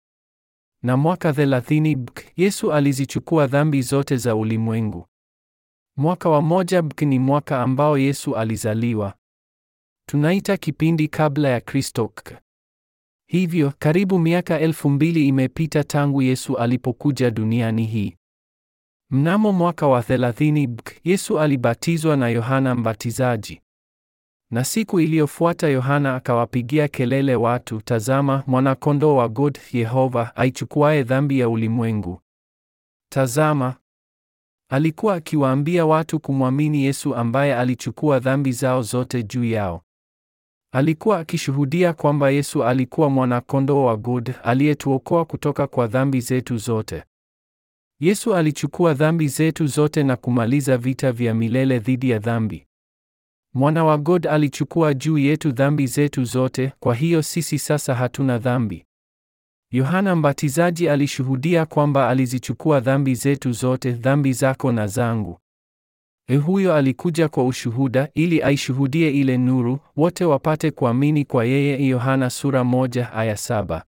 Na mwaka thelathini BK, Yesu alizichukua dhambi zote za ulimwengu. Mwaka wa moja BK ni mwaka ambao Yesu alizaliwa. Tunaita kipindi kabla ya Kristo. Hivyo karibu miaka elfu mbili imepita tangu Yesu alipokuja duniani hii. Mnamo mwaka wa 30 BK, Yesu alibatizwa na Yohana Mbatizaji. Na siku iliyofuata Yohana akawapigia kelele watu, tazama mwanakondoo wa God Yehova aichukuaye dhambi ya ulimwengu. Tazama, alikuwa akiwaambia watu kumwamini Yesu ambaye alichukua dhambi zao zote juu yao. Alikuwa akishuhudia kwamba Yesu alikuwa mwanakondoo wa God aliyetuokoa kutoka kwa dhambi zetu zote. Yesu alichukua dhambi zetu zote na kumaliza vita vya milele dhidi ya dhambi. Mwana wa God alichukua juu yetu dhambi zetu zote, kwa hiyo sisi sasa hatuna dhambi. Yohana Mbatizaji alishuhudia kwamba alizichukua dhambi zetu zote, dhambi zako na zangu. E, huyo alikuja kwa ushuhuda ili aishuhudie ile nuru, wote wapate kuamini kwa yeye. Yohana sura moja aya saba.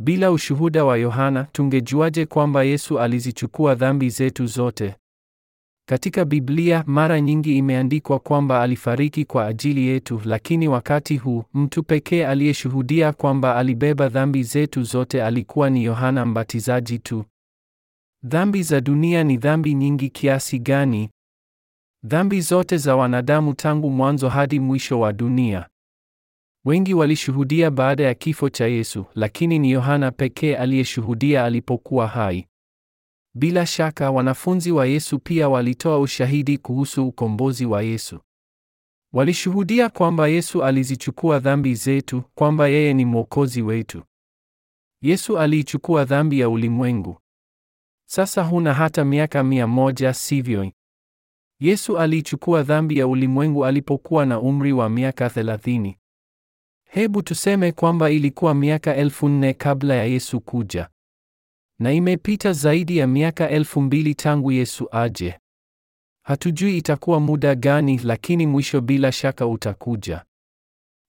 Bila ushuhuda wa Yohana tungejuaje kwamba Yesu alizichukua dhambi zetu zote? Katika Biblia mara nyingi imeandikwa kwamba alifariki kwa ajili yetu, lakini wakati huu mtu pekee aliyeshuhudia kwamba alibeba dhambi zetu zote alikuwa ni Yohana Mbatizaji tu. Dhambi za dunia ni dhambi nyingi kiasi gani? Dhambi zote za wanadamu tangu mwanzo hadi mwisho wa dunia. Wengi walishuhudia baada ya kifo cha Yesu, lakini ni Yohana pekee aliyeshuhudia alipokuwa hai. Bila shaka wanafunzi wa Yesu pia walitoa ushahidi kuhusu ukombozi wa Yesu. Walishuhudia kwamba Yesu alizichukua dhambi zetu, kwamba yeye ni mwokozi wetu. Yesu aliichukua dhambi ya ulimwengu. Sasa huna hata miaka mia moja, sivyo? Yesu aliichukua dhambi ya ulimwengu alipokuwa na umri wa miaka thelathini. Hebu tuseme kwamba ilikuwa miaka elfu nne kabla ya Yesu kuja. Na imepita zaidi ya miaka elfu mbili tangu Yesu aje. Hatujui itakuwa muda gani, lakini mwisho bila shaka utakuja.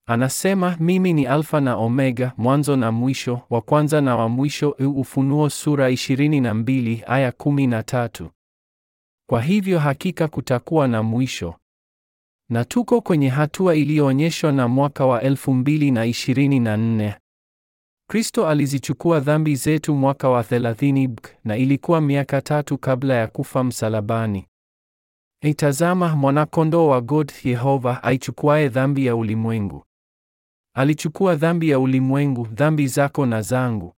Anasema, mimi ni Alfa na Omega, mwanzo na mwisho, wa kwanza na wa mwisho. Ufunuo sura 22 aya 13. Kwa hivyo hakika kutakuwa na mwisho, na tuko kwenye hatua iliyoonyeshwa na mwaka wa 2024. Kristo alizichukua dhambi zetu mwaka wa 30 BK na ilikuwa miaka tatu kabla ya kufa msalabani. Itazama mwanakondoo wa God Yehova aichukuae dhambi ya ulimwengu. Alichukua dhambi ya ulimwengu, dhambi zako na zangu.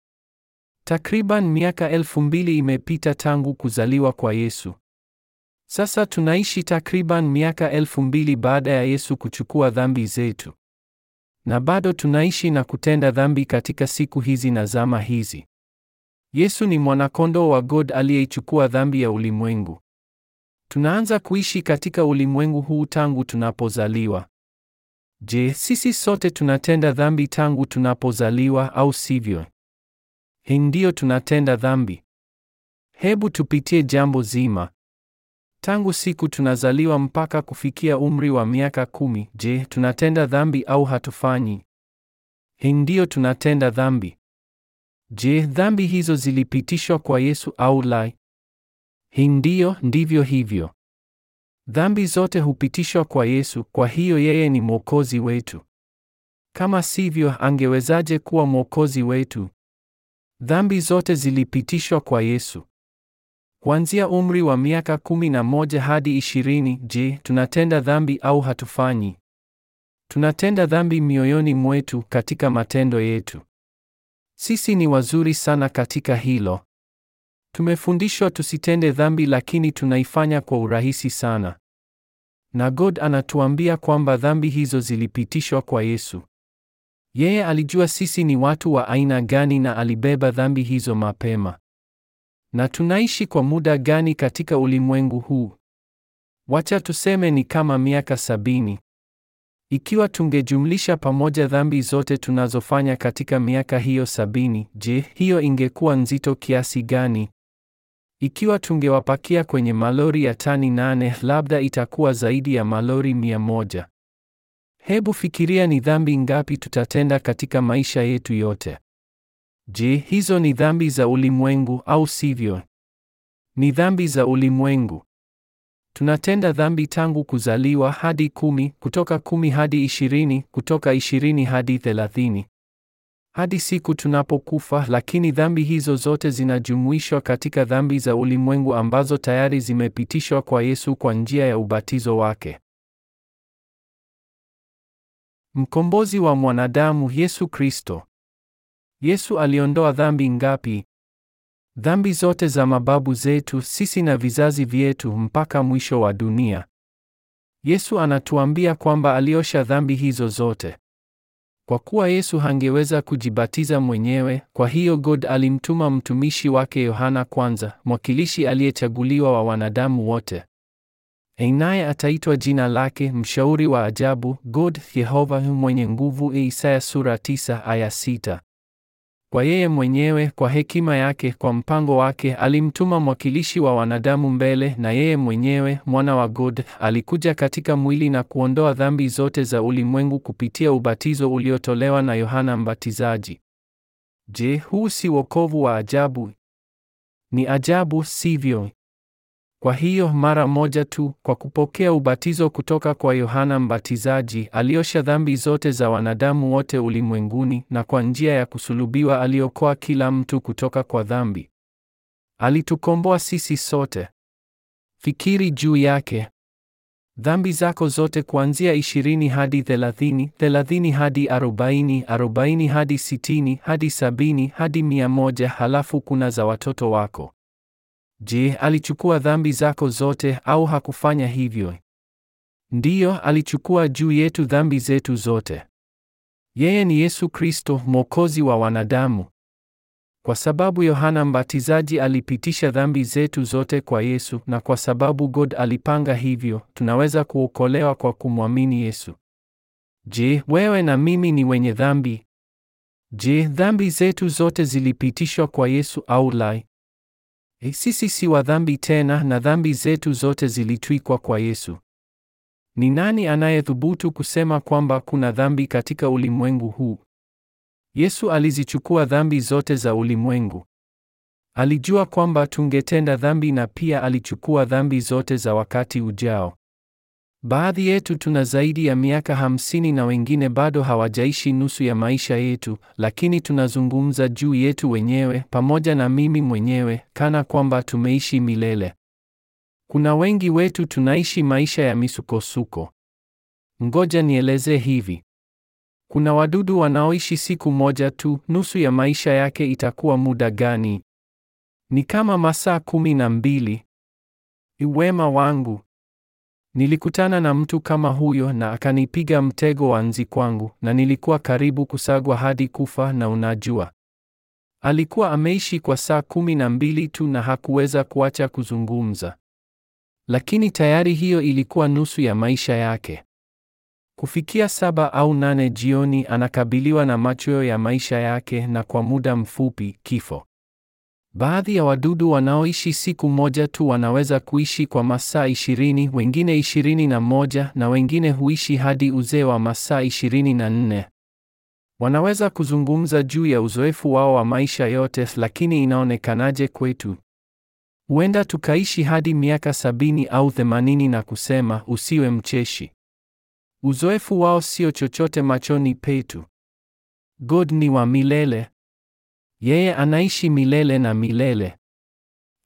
Takriban miaka elfu mbili imepita tangu kuzaliwa kwa Yesu. Sasa tunaishi takriban miaka elfu mbili baada ya Yesu kuchukua dhambi zetu na bado tunaishi na kutenda dhambi katika siku hizi na zama hizi. Yesu ni mwanakondoo wa God aliyeichukua dhambi ya ulimwengu. Tunaanza kuishi katika ulimwengu huu tangu tunapozaliwa. Je, sisi sote tunatenda dhambi tangu tunapozaliwa au sivyo? Ndiyo, tunatenda dhambi. Hebu tupitie jambo zima. Tangu siku tunazaliwa mpaka kufikia umri wa miaka kumi, je, tunatenda dhambi au hatufanyi? Hii ndiyo tunatenda dhambi. Je, dhambi hizo zilipitishwa kwa Yesu au la? Hii ndiyo, ndivyo hivyo. Dhambi zote hupitishwa kwa Yesu, kwa hiyo yeye ni mwokozi wetu. Kama sivyo, angewezaje kuwa mwokozi wetu? Dhambi zote zilipitishwa kwa Yesu. Kuanzia umri wa miaka kumi na moja hadi ishirini, je, tunatenda dhambi au hatufanyi? Tunatenda dhambi mioyoni mwetu katika matendo yetu. Sisi ni wazuri sana katika hilo. Tumefundishwa tusitende dhambi lakini tunaifanya kwa urahisi sana. Na God anatuambia kwamba dhambi hizo zilipitishwa kwa Yesu. Yeye alijua sisi ni watu wa aina gani na alibeba dhambi hizo mapema. Na tunaishi kwa muda gani katika ulimwengu huu? Wacha tuseme ni kama miaka sabini. Ikiwa tungejumlisha pamoja dhambi zote tunazofanya katika miaka hiyo sabini, je, hiyo ingekuwa nzito kiasi gani? Ikiwa tungewapakia kwenye malori ya tani nane, labda itakuwa zaidi ya malori mia moja. Hebu fikiria ni dhambi ngapi tutatenda katika maisha yetu yote. Je, hizo ni dhambi za ulimwengu au sivyo? Ni dhambi za ulimwengu. Tunatenda dhambi tangu kuzaliwa hadi kumi, kutoka kumi hadi ishirini, kutoka ishirini hadi thelathini, hadi siku tunapokufa, lakini dhambi hizo zote zinajumuishwa katika dhambi za ulimwengu ambazo tayari zimepitishwa kwa Yesu kwa njia ya ubatizo wake. Mkombozi wa mwanadamu Yesu Kristo Yesu aliondoa dhambi ngapi? Dhambi zote za mababu zetu sisi na vizazi vyetu mpaka mwisho wa dunia. Yesu anatuambia kwamba aliosha dhambi hizo zote. Kwa kuwa Yesu hangeweza kujibatiza mwenyewe, kwa hiyo God alimtuma mtumishi wake Yohana kwanza, mwakilishi aliyechaguliwa wa wanadamu wote. Einaye ataitwa jina lake mshauri wa ajabu, God Yehova mwenye nguvu, Isaya sura 9 aya 6. Kwa yeye mwenyewe, kwa hekima yake, kwa mpango wake, alimtuma mwakilishi wa wanadamu mbele, na yeye mwenyewe, mwana wa God, alikuja katika mwili na kuondoa dhambi zote za ulimwengu kupitia ubatizo uliotolewa na Yohana Mbatizaji. Je, huu si wokovu wa ajabu? Ni ajabu, sivyo? Kwa hiyo mara moja tu kwa kupokea ubatizo kutoka kwa Yohana Mbatizaji aliosha dhambi zote za wanadamu wote ulimwenguni na kwa njia ya kusulubiwa aliokoa kila mtu kutoka kwa dhambi. Alitukomboa sisi sote. Fikiri juu yake. Dhambi zako zote kuanzia 20 hadi 30, 30 hadi 40, 40 hadi 60, hadi 70, hadi 100, halafu kuna za watoto wako. Je, alichukua dhambi zako zote au hakufanya hivyo? Ndiyo, alichukua juu yetu dhambi zetu zote. Yeye ni Yesu Kristo, Mwokozi wa wanadamu. Kwa sababu Yohana Mbatizaji alipitisha dhambi zetu zote kwa Yesu na kwa sababu God alipanga hivyo, tunaweza kuokolewa kwa kumwamini Yesu. Je, wewe na mimi ni wenye dhambi? Je, dhambi zetu zote zilipitishwa kwa Yesu au lai E, sisi si wa dhambi tena na dhambi zetu zote zilitwikwa kwa Yesu. Ni nani anayethubutu kusema kwamba kuna dhambi katika ulimwengu huu? Yesu alizichukua dhambi zote za ulimwengu. Alijua kwamba tungetenda dhambi na pia alichukua dhambi zote za wakati ujao. Baadhi yetu tuna zaidi ya miaka hamsini na wengine bado hawajaishi nusu ya maisha yetu, lakini tunazungumza juu yetu wenyewe pamoja na mimi mwenyewe kana kwamba tumeishi milele. Kuna wengi wetu tunaishi maisha ya misukosuko. Ngoja nieleze hivi. Kuna wadudu wanaoishi siku moja tu, nusu ya maisha yake itakuwa muda gani? Ni kama masaa kumi na mbili. Iwema wangu Nilikutana na mtu kama huyo na akanipiga mtego wa nzi kwangu na nilikuwa karibu kusagwa hadi kufa na unajua. Alikuwa ameishi kwa saa kumi na mbili tu na hakuweza kuacha kuzungumza. Lakini tayari hiyo ilikuwa nusu ya maisha yake. Kufikia saba au nane jioni anakabiliwa na machweo ya maisha yake na kwa muda mfupi kifo. Baadhi ya wadudu wanaoishi siku moja tu wanaweza kuishi kwa masaa 20, wengine 21 na wengine huishi hadi uzee wa masaa 24. Wanaweza kuzungumza juu ya uzoefu wao wa maisha yote, lakini inaonekanaje kwetu? Huenda tukaishi hadi miaka sabini au themanini na kusema usiwe mcheshi. Uzoefu wao sio chochote machoni petu. God ni wa milele. Yeye anaishi milele na milele.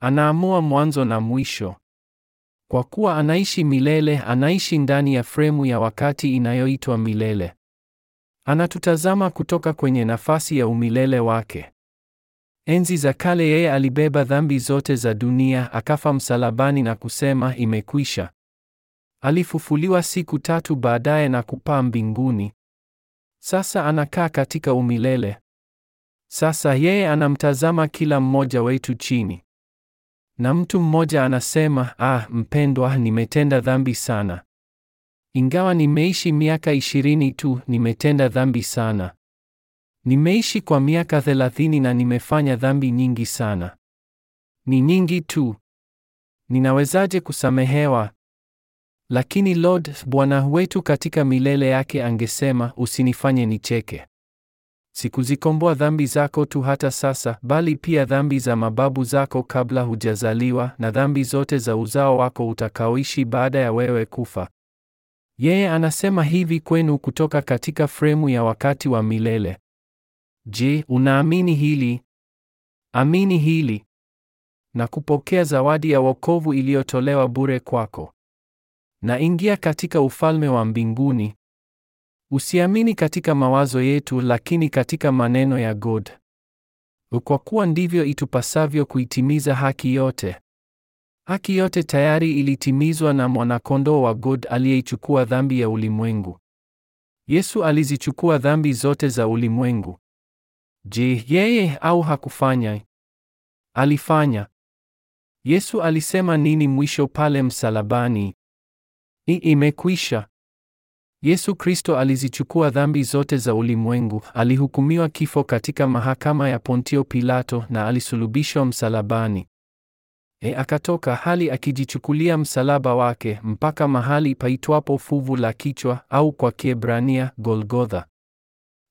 Anaamua mwanzo na mwisho. Kwa kuwa anaishi milele, anaishi ndani ya fremu ya wakati inayoitwa milele. Anatutazama kutoka kwenye nafasi ya umilele wake. Enzi za kale yeye alibeba dhambi zote za dunia, akafa msalabani na kusema imekwisha. Alifufuliwa siku tatu baadaye na kupaa mbinguni. Sasa anakaa katika umilele. Sasa yeye anamtazama kila mmoja wetu chini. Na mtu mmoja anasema, ah, mpendwa, nimetenda dhambi sana. Ingawa nimeishi miaka ishirini tu, nimetenda dhambi sana. Nimeishi kwa miaka thelathini na nimefanya dhambi nyingi sana. Ni nyingi tu. Ninawezaje kusamehewa? Lakini Lord Bwana wetu katika milele yake angesema, usinifanye nicheke. Sikuzikomboa dhambi zako tu hata sasa, bali pia dhambi za mababu zako kabla hujazaliwa, na dhambi zote za uzao wako utakaoishi baada ya wewe kufa. Yeye anasema hivi kwenu kutoka katika fremu ya wakati wa milele. Je, unaamini hili? Amini hili na kupokea zawadi ya wokovu iliyotolewa bure kwako. Na ingia katika ufalme wa mbinguni. Usiamini katika mawazo yetu, lakini katika maneno ya God, kwa kuwa ndivyo itupasavyo kuitimiza haki yote. Haki yote tayari ilitimizwa na mwanakondoo wa God aliyeichukua dhambi ya ulimwengu. Yesu alizichukua dhambi zote za ulimwengu. Je, yeye au hakufanya? Alifanya. Yesu alisema nini mwisho pale msalabani? I imekwisha. Yesu Kristo alizichukua dhambi zote za ulimwengu, alihukumiwa kifo katika mahakama ya Pontio Pilato na alisulubishwa msalabani. E, akatoka hali akijichukulia msalaba wake mpaka mahali paitwapo fuvu la kichwa au kwa Kiebrania Golgotha.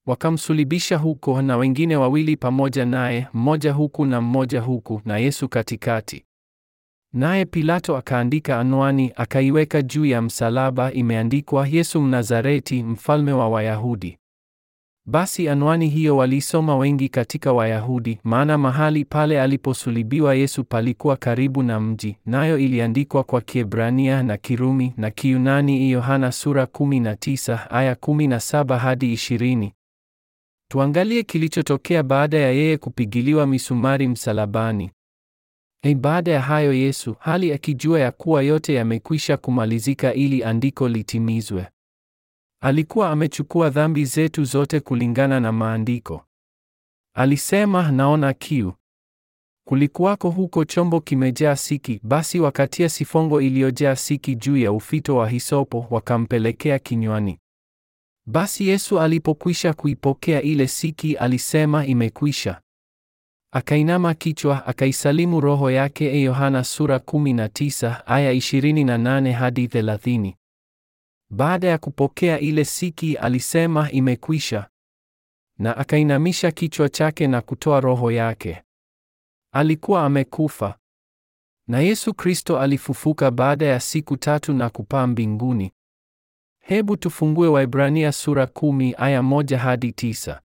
Wakamsulibisha huko na wengine wawili pamoja naye, mmoja huku na mmoja huku, na Yesu katikati. Naye Pilato akaandika anwani, akaiweka juu ya msalaba, imeandikwa Yesu Mnazareti, mfalme wa Wayahudi. Basi anwani hiyo walisoma wengi katika Wayahudi, maana mahali pale aliposulibiwa Yesu palikuwa karibu na mji, nayo iliandikwa kwa Kiebrania na Kirumi na Kiyunani. Yohana sura 19 aya 17 hadi 20. Tuangalie kilichotokea baada ya yeye kupigiliwa misumari msalabani. E, baada ya hayo Yesu, hali akijua ya kuwa yote yamekwisha kumalizika ili andiko litimizwe, alikuwa amechukua dhambi zetu zote kulingana na maandiko. Alisema, naona kiu. Kulikuwako huko chombo kimejaa siki, basi wakatia sifongo iliyojaa siki juu ya ufito wa hisopo, wakampelekea kinywani. Basi Yesu alipokwisha kuipokea ile siki, alisema, imekwisha. Akainama kichwa akaisalimu roho yake. E, Yohana sura 19 aya 28 hadi 30. Baada ya kupokea ile siki alisema imekwisha, na akainamisha kichwa chake na kutoa roho yake. Alikuwa amekufa, na Yesu Kristo alifufuka baada ya siku tatu na kupaa mbinguni. Hebu tufungue Waibrania sura 10 aya 1 hadi 9.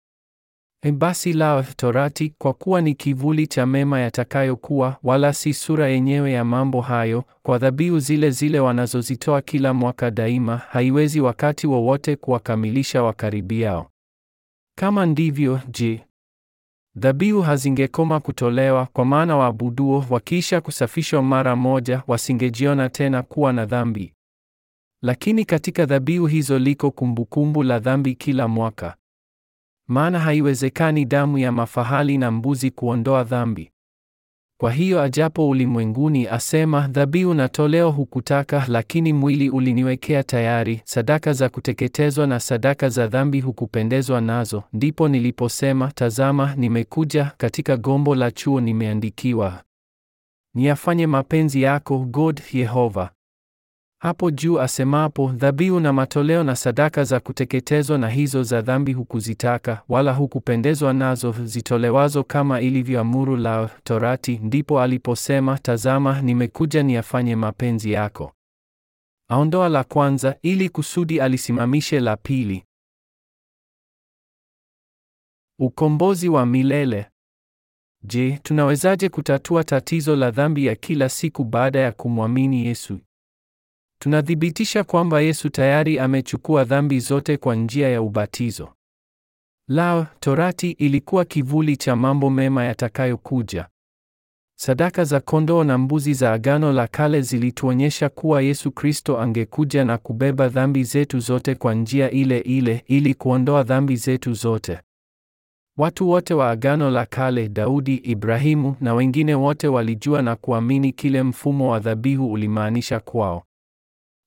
E basi la Torati kwa kuwa ni kivuli cha mema yatakayokuwa, wala si sura yenyewe ya mambo hayo, kwa dhabihu zile zile wanazozitoa kila mwaka daima, haiwezi wakati wowote kuwakamilisha wakaribiao. Kama ndivyo, je, dhabihu hazingekoma kutolewa? Kwa maana waabuduo wakiisha kusafishwa mara moja, wasingejiona tena kuwa na dhambi. Lakini katika dhabihu hizo liko kumbukumbu la dhambi kila mwaka. Maana haiwezekani damu ya mafahali na mbuzi kuondoa dhambi. Kwa hiyo ajapo ulimwenguni asema, dhabihu na toleo hukutaka, lakini mwili uliniwekea tayari; sadaka za kuteketezwa na sadaka za dhambi hukupendezwa nazo. Ndipo niliposema, tazama, nimekuja; katika gombo la chuo nimeandikiwa, niyafanye mapenzi yako, God Yehova hapo juu asemapo, dhabihu na matoleo na sadaka za kuteketezwa na hizo za dhambi hukuzitaka, wala hukupendezwa nazo, zitolewazo kama ilivyoamuru la Torati, ndipo aliposema, tazama, nimekuja niyafanye mapenzi yako. Aondoa la kwanza ili kusudi alisimamishe la pili. Ukombozi wa milele. Je, tunawezaje kutatua tatizo la dhambi ya kila siku baada ya kumwamini Yesu? Tunathibitisha kwamba Yesu tayari amechukua dhambi zote kwa njia ya ubatizo. Lao, Torati ilikuwa kivuli cha mambo mema yatakayokuja. Sadaka za kondoo na mbuzi za Agano la Kale zilituonyesha kuwa Yesu Kristo angekuja na kubeba dhambi zetu zote kwa njia ile ile ili kuondoa dhambi zetu zote. Watu wote wa Agano la Kale, Daudi, Ibrahimu na wengine wote walijua na kuamini kile mfumo wa dhabihu ulimaanisha kwao.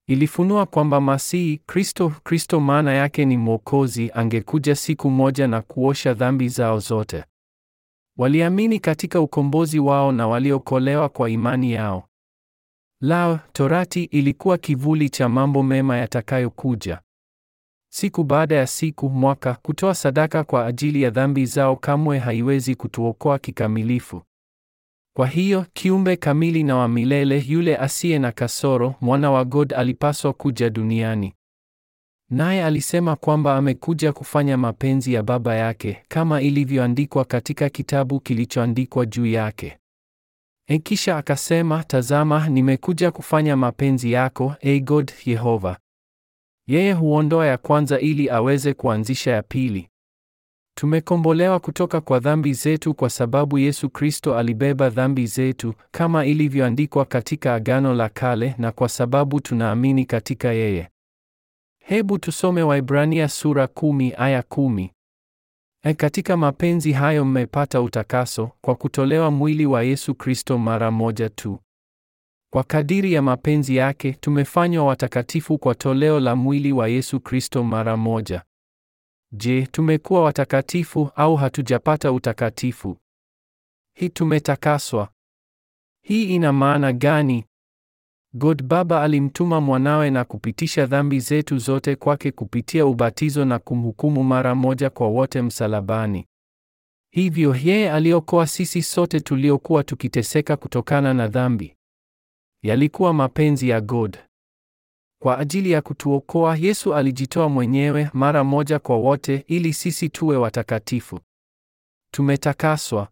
Ilifunua kwamba Masihi Kristo, Kristo maana yake ni Mwokozi, angekuja siku moja na kuosha dhambi zao zote. Waliamini katika ukombozi wao na waliokolewa kwa imani yao. Lao, Torati ilikuwa kivuli cha mambo mema yatakayokuja. Siku baada ya siku, mwaka, kutoa sadaka kwa ajili ya dhambi zao kamwe haiwezi kutuokoa kikamilifu. Kwa hiyo kiumbe kamili na wa milele yule asiye na kasoro, mwana wa God alipaswa kuja duniani. Naye alisema kwamba amekuja kufanya mapenzi ya Baba yake kama ilivyoandikwa katika kitabu kilichoandikwa juu yake. E, kisha akasema, tazama, nimekuja kufanya mapenzi yako, e God Yehova. Yeye huondoa ya kwanza ili aweze kuanzisha ya pili. Tumekombolewa kutoka kwa dhambi zetu kwa sababu Yesu Kristo alibeba dhambi zetu kama ilivyoandikwa katika Agano la Kale na kwa sababu tunaamini katika yeye. Hebu tusome Waibrania sura kumi aya kumi. E, katika mapenzi hayo mmepata utakaso kwa kutolewa mwili wa Yesu Kristo mara moja tu. Kwa kadiri ya mapenzi yake tumefanywa watakatifu kwa toleo la mwili wa Yesu Kristo mara moja. Je, tumekuwa watakatifu au hatujapata utakatifu? Hii tumetakaswa. Hii ina maana gani? God Baba alimtuma mwanawe na kupitisha dhambi zetu zote kwake kupitia ubatizo na kumhukumu mara moja kwa wote msalabani. Hivyo yeye aliokoa sisi sote tuliokuwa tukiteseka kutokana na dhambi. Yalikuwa mapenzi ya God. Kwa ajili ya kutuokoa, Yesu alijitoa mwenyewe mara moja kwa wote ili sisi tuwe watakatifu. Tumetakaswa.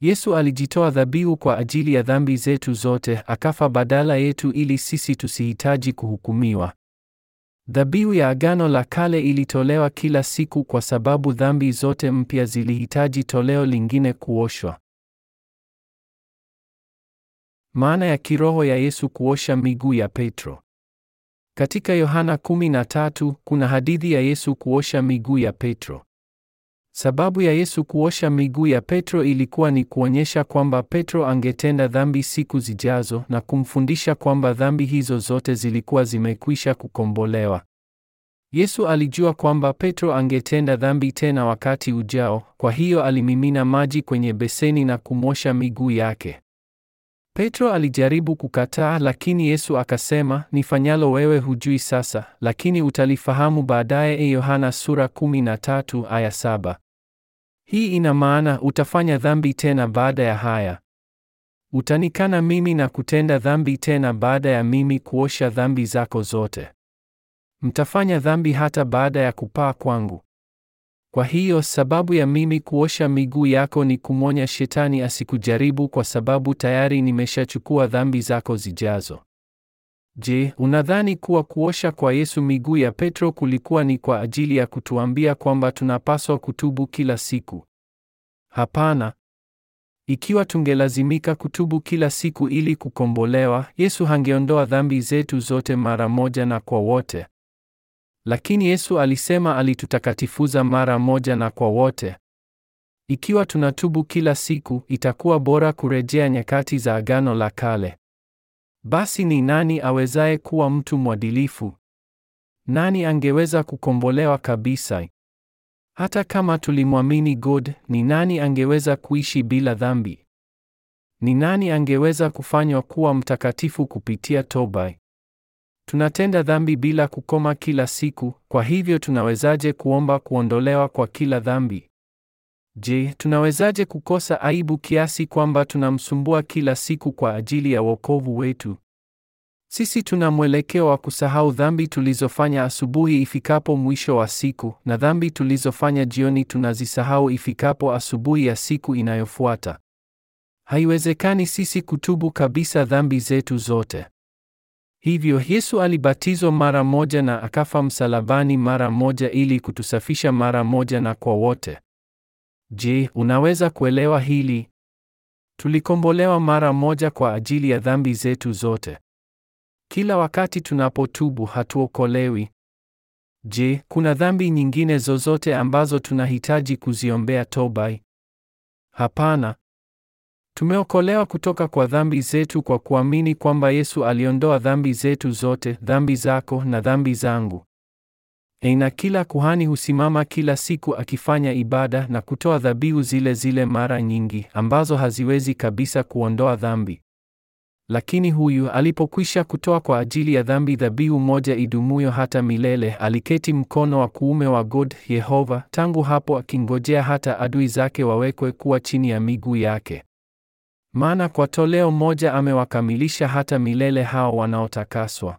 Yesu alijitoa dhabihu kwa ajili ya dhambi zetu zote, akafa badala yetu ili sisi tusihitaji kuhukumiwa. Dhabihu ya Agano la Kale ilitolewa kila siku kwa sababu dhambi zote mpya zilihitaji toleo lingine kuoshwa. Maana ya kiroho ya Yesu kuosha miguu ya Petro. Katika Yohana 13 kuna hadithi ya Yesu kuosha miguu ya Petro. Sababu ya Yesu kuosha miguu ya Petro ilikuwa ni kuonyesha kwamba Petro angetenda dhambi siku zijazo na kumfundisha kwamba dhambi hizo zote zilikuwa zimekwisha kukombolewa. Yesu alijua kwamba Petro angetenda dhambi tena wakati ujao, kwa hiyo alimimina maji kwenye beseni na kumwosha miguu yake. Petro alijaribu kukataa, lakini Yesu akasema, nifanyalo wewe hujui sasa, lakini utalifahamu baadaye. Yohana sura 13 aya saba. Hii ina maana utafanya dhambi tena baada ya haya. Utanikana mimi na kutenda dhambi tena baada ya mimi kuosha dhambi zako zote. Mtafanya dhambi hata baada ya kupaa kwangu. Kwa hiyo sababu ya mimi kuosha miguu yako ni kumwonya shetani asikujaribu kwa sababu tayari nimeshachukua dhambi zako zijazo. Je, unadhani kuwa kuosha kwa Yesu miguu ya Petro kulikuwa ni kwa ajili ya kutuambia kwamba tunapaswa kutubu kila siku? Hapana. Ikiwa tungelazimika kutubu kila siku ili kukombolewa, Yesu hangeondoa dhambi zetu zote mara moja na kwa wote. Lakini Yesu alisema alitutakatifuza mara moja na kwa wote. Ikiwa tunatubu kila siku, itakuwa bora kurejea nyakati za Agano la Kale. Basi ni nani awezaye kuwa mtu mwadilifu? Nani angeweza kukombolewa kabisa? Hata kama tulimwamini God, ni nani angeweza kuishi bila dhambi? Ni nani angeweza kufanywa kuwa mtakatifu kupitia toba? Tunatenda dhambi bila kukoma kila siku, kwa hivyo tunawezaje kuomba kuondolewa kwa kila dhambi? Je, tunawezaje kukosa aibu kiasi kwamba tunamsumbua kila siku kwa ajili ya wokovu wetu? Sisi tuna mwelekeo wa kusahau dhambi tulizofanya asubuhi ifikapo mwisho wa siku, na dhambi tulizofanya jioni tunazisahau ifikapo asubuhi ya siku inayofuata. Haiwezekani sisi kutubu kabisa dhambi zetu zote. Hivyo Yesu alibatizwa mara moja na akafa msalabani mara moja ili kutusafisha mara moja na kwa wote. Je, unaweza kuelewa hili? Tulikombolewa mara moja kwa ajili ya dhambi zetu zote. Kila wakati tunapotubu hatuokolewi. Je, kuna dhambi nyingine zozote ambazo tunahitaji kuziombea toba? Hapana. Tumeokolewa kutoka kwa dhambi zetu kwa kuamini kwamba Yesu aliondoa dhambi zetu zote, dhambi zako na dhambi zangu. eina kila kuhani husimama kila siku akifanya ibada na kutoa dhabihu zile zile mara nyingi ambazo haziwezi kabisa kuondoa dhambi. Lakini huyu alipokwisha kutoa kwa ajili ya dhambi dhabihu moja idumuyo hata milele, aliketi mkono wa kuume wa God Yehova, tangu hapo akingojea hata adui zake wawekwe kuwa chini ya miguu yake. Maana kwa toleo moja amewakamilisha hata milele hao wanaotakaswa.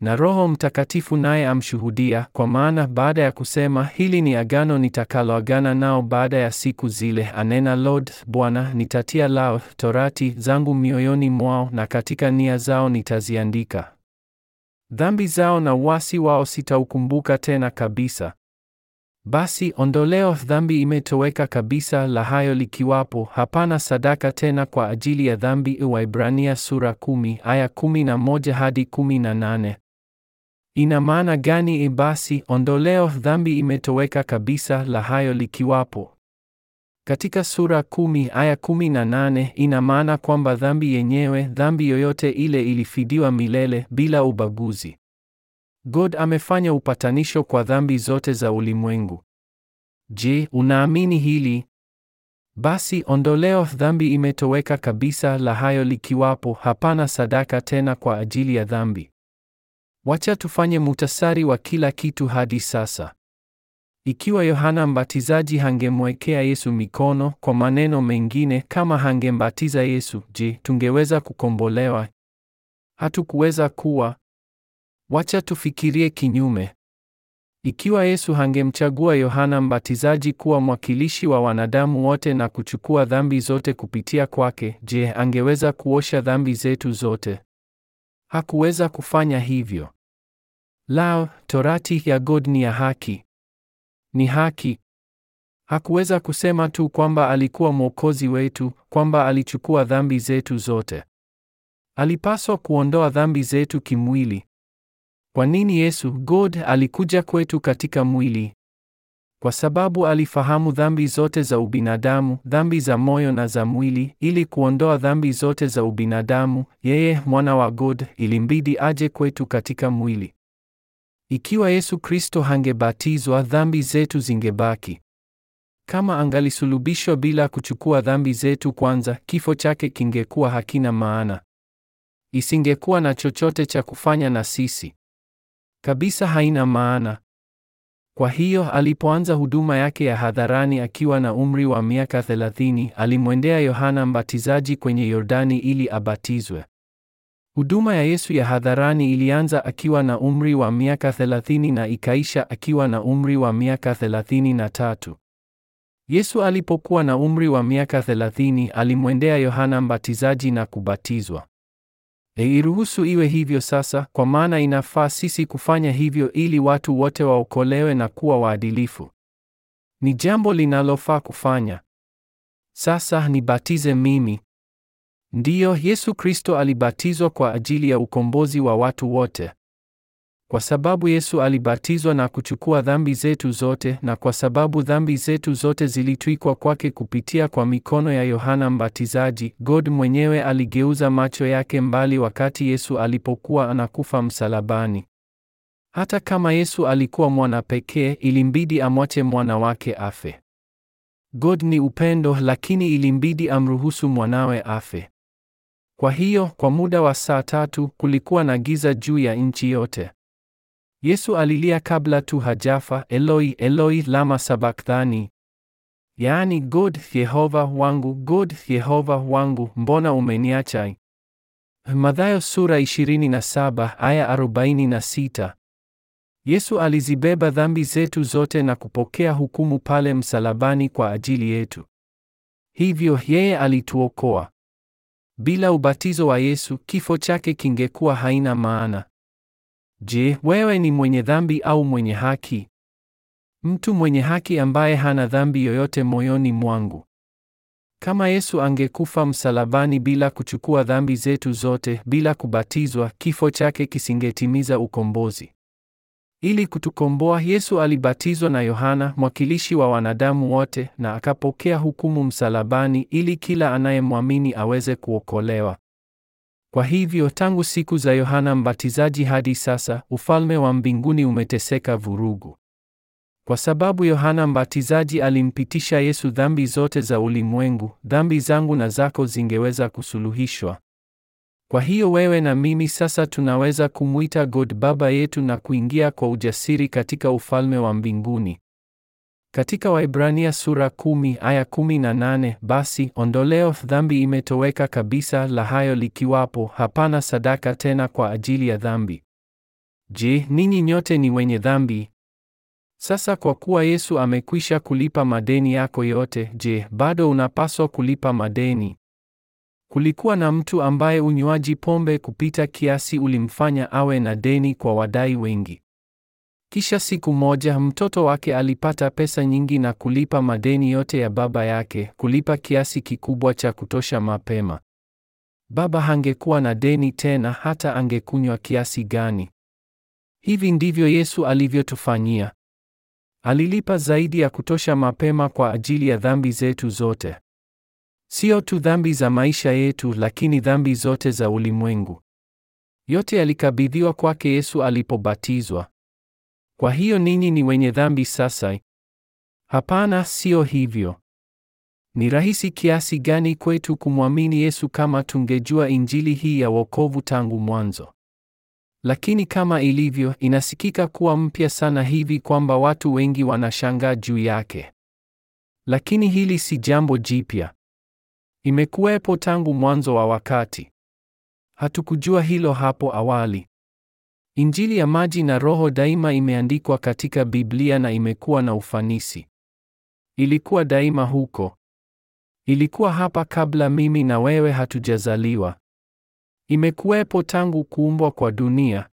Na Roho Mtakatifu naye amshuhudia, kwa maana baada ya kusema, hili ni agano nitakaloagana nao baada ya siku zile, anena Lord Bwana, nitatia lao torati zangu mioyoni mwao, na katika nia zao nitaziandika. Dhambi zao na uasi wao sitaukumbuka tena kabisa. Basi ondoleo dhambi imetoweka kabisa, la hayo likiwapo, hapana sadaka tena kwa ajili ya dhambi. E Waibrania sura kumi aya moja hadi nane. Ina maana gani? E, basi ondoleo dhambi imetoweka kabisa, la hayo likiwapo katika sura kumi aya kumi na nane ina maana kwamba dhambi yenyewe, dhambi yoyote ile, ilifidiwa milele bila ubaguzi. God amefanya upatanisho kwa dhambi zote za ulimwengu. Je, unaamini hili? Basi ondoleo dhambi imetoweka kabisa, la hayo likiwapo, hapana sadaka tena kwa ajili ya dhambi. Wacha tufanye mutasari wa kila kitu hadi sasa. Ikiwa Yohana Mbatizaji hangemwekea Yesu mikono, kwa maneno mengine, kama hangembatiza Yesu, je, tungeweza kukombolewa? Hatukuweza kuwa. Wacha tufikirie kinyume. Ikiwa Yesu hangemchagua Yohana Mbatizaji kuwa mwakilishi wa wanadamu wote na kuchukua dhambi zote kupitia kwake, je, angeweza kuosha dhambi zetu zote? Hakuweza kufanya hivyo. Lao, Torati ya God ni ya haki. Ni haki. Hakuweza kusema tu kwamba alikuwa mwokozi wetu, kwamba alichukua dhambi zetu zote. Alipaswa kuondoa dhambi zetu kimwili, kwa nini Yesu God alikuja kwetu katika mwili? Kwa sababu alifahamu dhambi zote za ubinadamu, dhambi za moyo na za mwili, ili kuondoa dhambi zote za ubinadamu, yeye mwana wa God ilimbidi aje kwetu katika mwili. Ikiwa Yesu Kristo hangebatizwa, dhambi zetu zingebaki. Kama angalisulubishwa bila kuchukua dhambi zetu kwanza, kifo chake kingekuwa hakina maana. Isingekuwa na chochote cha kufanya na sisi kabisa haina maana. Kwa hiyo alipoanza huduma yake ya hadharani akiwa na umri wa miaka 30, alimwendea Yohana Mbatizaji kwenye Yordani ili abatizwe. Huduma ya Yesu ya hadharani ilianza akiwa na umri wa miaka 30 na ikaisha akiwa na umri wa miaka 33. Yesu alipokuwa na umri wa miaka 30, alimwendea Yohana Mbatizaji na kubatizwa. Iruhusu iwe hivyo sasa, kwa maana inafaa sisi kufanya hivyo ili watu wote waokolewe na kuwa waadilifu. Ni jambo linalofaa kufanya. Sasa nibatize mimi. Ndiyo, Yesu Kristo alibatizwa kwa ajili ya ukombozi wa watu wote. Kwa sababu Yesu alibatizwa na kuchukua dhambi zetu zote na kwa sababu dhambi zetu zote zilitwikwa kwake kupitia kwa mikono ya Yohana Mbatizaji, God mwenyewe aligeuza macho yake mbali wakati Yesu alipokuwa anakufa msalabani. Hata kama Yesu alikuwa mwana pekee, ilimbidi amwache mwana wake afe. God ni upendo, lakini ilimbidi amruhusu mwanawe afe. Kwa hiyo, kwa muda wa saa tatu kulikuwa na giza juu ya nchi yote. Yesu alilia kabla tu hajafa, Eloi Eloi lama sabakthani, yaani God Yehova wangu, God Yehova wangu, mbona umeniacha? Mathayo sura 27 aya 46. Yesu alizibeba dhambi zetu zote na kupokea hukumu pale msalabani kwa ajili yetu. Hivyo yeye alituokoa. Bila ubatizo wa Yesu, kifo chake kingekuwa haina maana. Je, wewe ni mwenye dhambi au mwenye haki? Mtu mwenye haki ambaye hana dhambi yoyote moyoni mwangu. Kama Yesu angekufa msalabani bila kuchukua dhambi zetu zote, bila kubatizwa, kifo chake kisingetimiza ukombozi. Ili kutukomboa, Yesu alibatizwa na Yohana, mwakilishi wa wanadamu wote, na akapokea hukumu msalabani ili kila anayemwamini aweze kuokolewa. Kwa hivyo tangu siku za Yohana Mbatizaji hadi sasa, ufalme wa mbinguni umeteseka vurugu. Kwa sababu Yohana Mbatizaji alimpitisha Yesu dhambi zote za ulimwengu, dhambi zangu na zako zingeweza kusuluhishwa. Kwa hiyo wewe na mimi sasa tunaweza kumwita God Baba yetu na kuingia kwa ujasiri katika ufalme wa mbinguni. Katika Waibrania sura kumi aya kumi na nane basi ondoleo dhambi imetoweka kabisa, la hayo likiwapo, hapana sadaka tena kwa ajili ya dhambi. Je, ninyi nyote ni wenye dhambi? Sasa kwa kuwa Yesu amekwisha kulipa madeni yako yote, je, bado unapaswa kulipa madeni? Kulikuwa na mtu ambaye unywaji pombe kupita kiasi ulimfanya awe na deni kwa wadai wengi. Kisha siku moja mtoto wake alipata pesa nyingi na kulipa madeni yote ya baba yake, kulipa kiasi kikubwa cha kutosha mapema. Baba hangekuwa na deni tena hata angekunywa kiasi gani. Hivi ndivyo Yesu alivyotufanyia. Alilipa zaidi ya kutosha mapema kwa ajili ya dhambi zetu zote. Sio tu dhambi za maisha yetu lakini dhambi zote za ulimwengu. Yote yalikabidhiwa kwake Yesu alipobatizwa. Kwa hiyo ninyi ni wenye dhambi sasa? Hapana, sio hivyo. Ni rahisi kiasi gani kwetu kumwamini Yesu kama tungejua injili hii ya wokovu tangu mwanzo. Lakini kama ilivyo, inasikika kuwa mpya sana hivi kwamba watu wengi wanashangaa juu yake. Lakini hili si jambo jipya. Imekuwepo tangu mwanzo wa wakati. Hatukujua hilo hapo awali. Injili ya maji na Roho daima imeandikwa katika Biblia na imekuwa na ufanisi. Ilikuwa daima huko. Ilikuwa hapa kabla mimi na wewe hatujazaliwa. Imekuwepo tangu kuumbwa kwa dunia.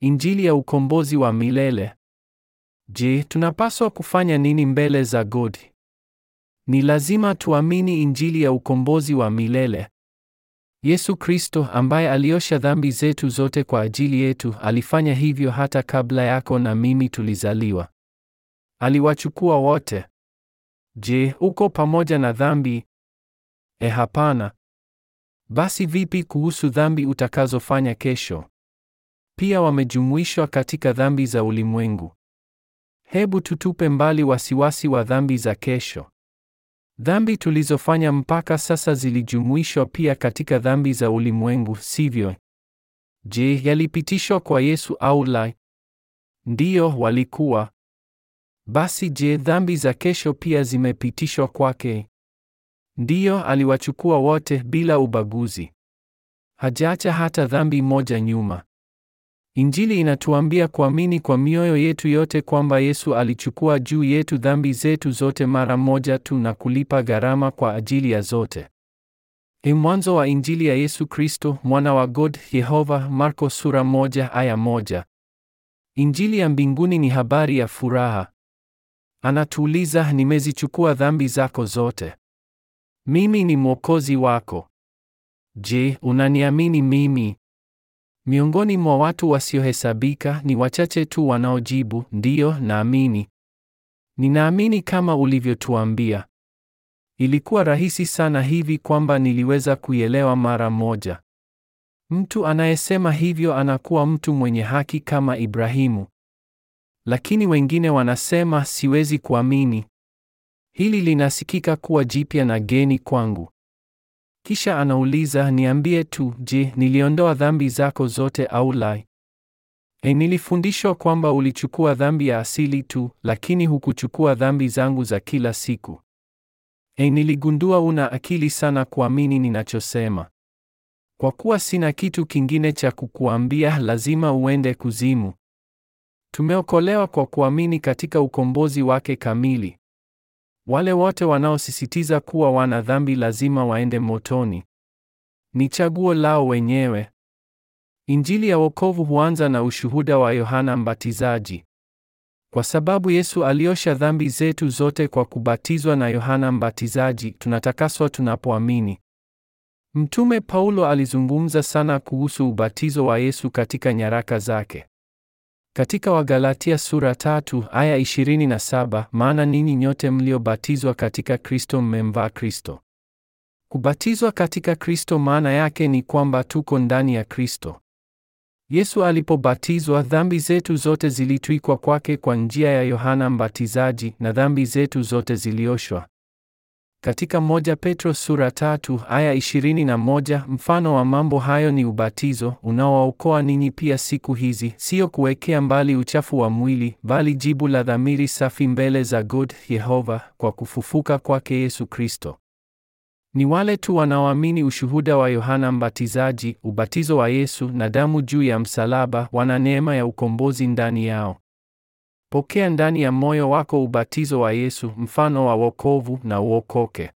Injili ya ukombozi wa milele. Je, tunapaswa kufanya nini mbele za God? Ni lazima tuamini injili ya ukombozi wa milele. Yesu Kristo ambaye aliosha dhambi zetu zote kwa ajili yetu, alifanya hivyo hata kabla yako na mimi tulizaliwa. Aliwachukua wote. Je, uko pamoja na dhambi? Eh, hapana. Basi vipi kuhusu dhambi utakazofanya kesho? Pia wamejumuishwa katika dhambi za ulimwengu. Hebu tutupe mbali wasiwasi wa dhambi za kesho. Dhambi tulizofanya mpaka sasa zilijumuishwa pia katika dhambi za ulimwengu, sivyo? Je, yalipitishwa kwa Yesu au la? Ndiyo, walikuwa. Basi je, dhambi za kesho pia zimepitishwa kwake? Ndiyo, aliwachukua wote bila ubaguzi. Hajaacha hata dhambi moja nyuma. Injili inatuambia kuamini kwa mioyo yetu yote kwamba Yesu alichukua juu yetu dhambi zetu zote mara moja tu na kulipa gharama kwa ajili ya zote. Ni e mwanzo wa Injili ya Yesu Kristo, mwana wa God Yehova, Marko sura moja aya moja. Injili ya mbinguni ni habari ya furaha. Anatuuliza, nimezichukua dhambi zako zote. Mimi ni mwokozi wako. Je, unaniamini mimi? Miongoni mwa watu wasiohesabika ni wachache tu wanaojibu ndiyo, naamini. Ninaamini kama ulivyotuambia. Ilikuwa rahisi sana hivi kwamba niliweza kuielewa mara moja. Mtu anayesema hivyo anakuwa mtu mwenye haki kama Ibrahimu. Lakini wengine wanasema siwezi kuamini. Hili linasikika kuwa jipya na geni kwangu. Kisha anauliza, niambie tu, je, niliondoa dhambi zako zote au la? E, nilifundishwa kwamba ulichukua dhambi ya asili tu, lakini hukuchukua dhambi zangu za kila siku. E, niligundua una akili sana kuamini ninachosema. Kwa kuwa sina kitu kingine cha kukuambia, lazima uende kuzimu. Tumeokolewa kwa kuamini katika ukombozi wake kamili. Wale wote wanaosisitiza kuwa wana dhambi lazima waende motoni. Ni chaguo lao wenyewe. Injili ya wokovu huanza na ushuhuda wa Yohana Mbatizaji. Kwa sababu Yesu aliosha dhambi zetu zote kwa kubatizwa na Yohana Mbatizaji, tunatakaswa tunapoamini. Mtume Paulo alizungumza sana kuhusu ubatizo wa Yesu katika nyaraka zake. Katika Wagalatia sura tatu aya saba maana ninyi nyote mliobatizwa katika Kristo mmemvaa Kristo. Kubatizwa katika Kristo maana yake ni kwamba tuko ndani ya Kristo. Yesu alipobatizwa, dhambi zetu zote zilitwikwa kwake kwa njia ya Yohana Mbatizaji, na dhambi zetu zote zilioshwa. Katika moja Petro sura tatu aya 21, mfano wa mambo hayo ni ubatizo unaowaokoa ninyi pia siku hizi, sio kuwekea mbali uchafu wa mwili, bali jibu la dhamiri safi mbele za God Yehova kwa kufufuka kwake Yesu Kristo. Ni wale tu wanaoamini ushuhuda wa Yohana Mbatizaji, ubatizo wa Yesu na damu juu ya msalaba wana neema ya ukombozi ndani yao. Pokea ndani ya moyo wako ubatizo wa Yesu, mfano wa wokovu, na uokoke.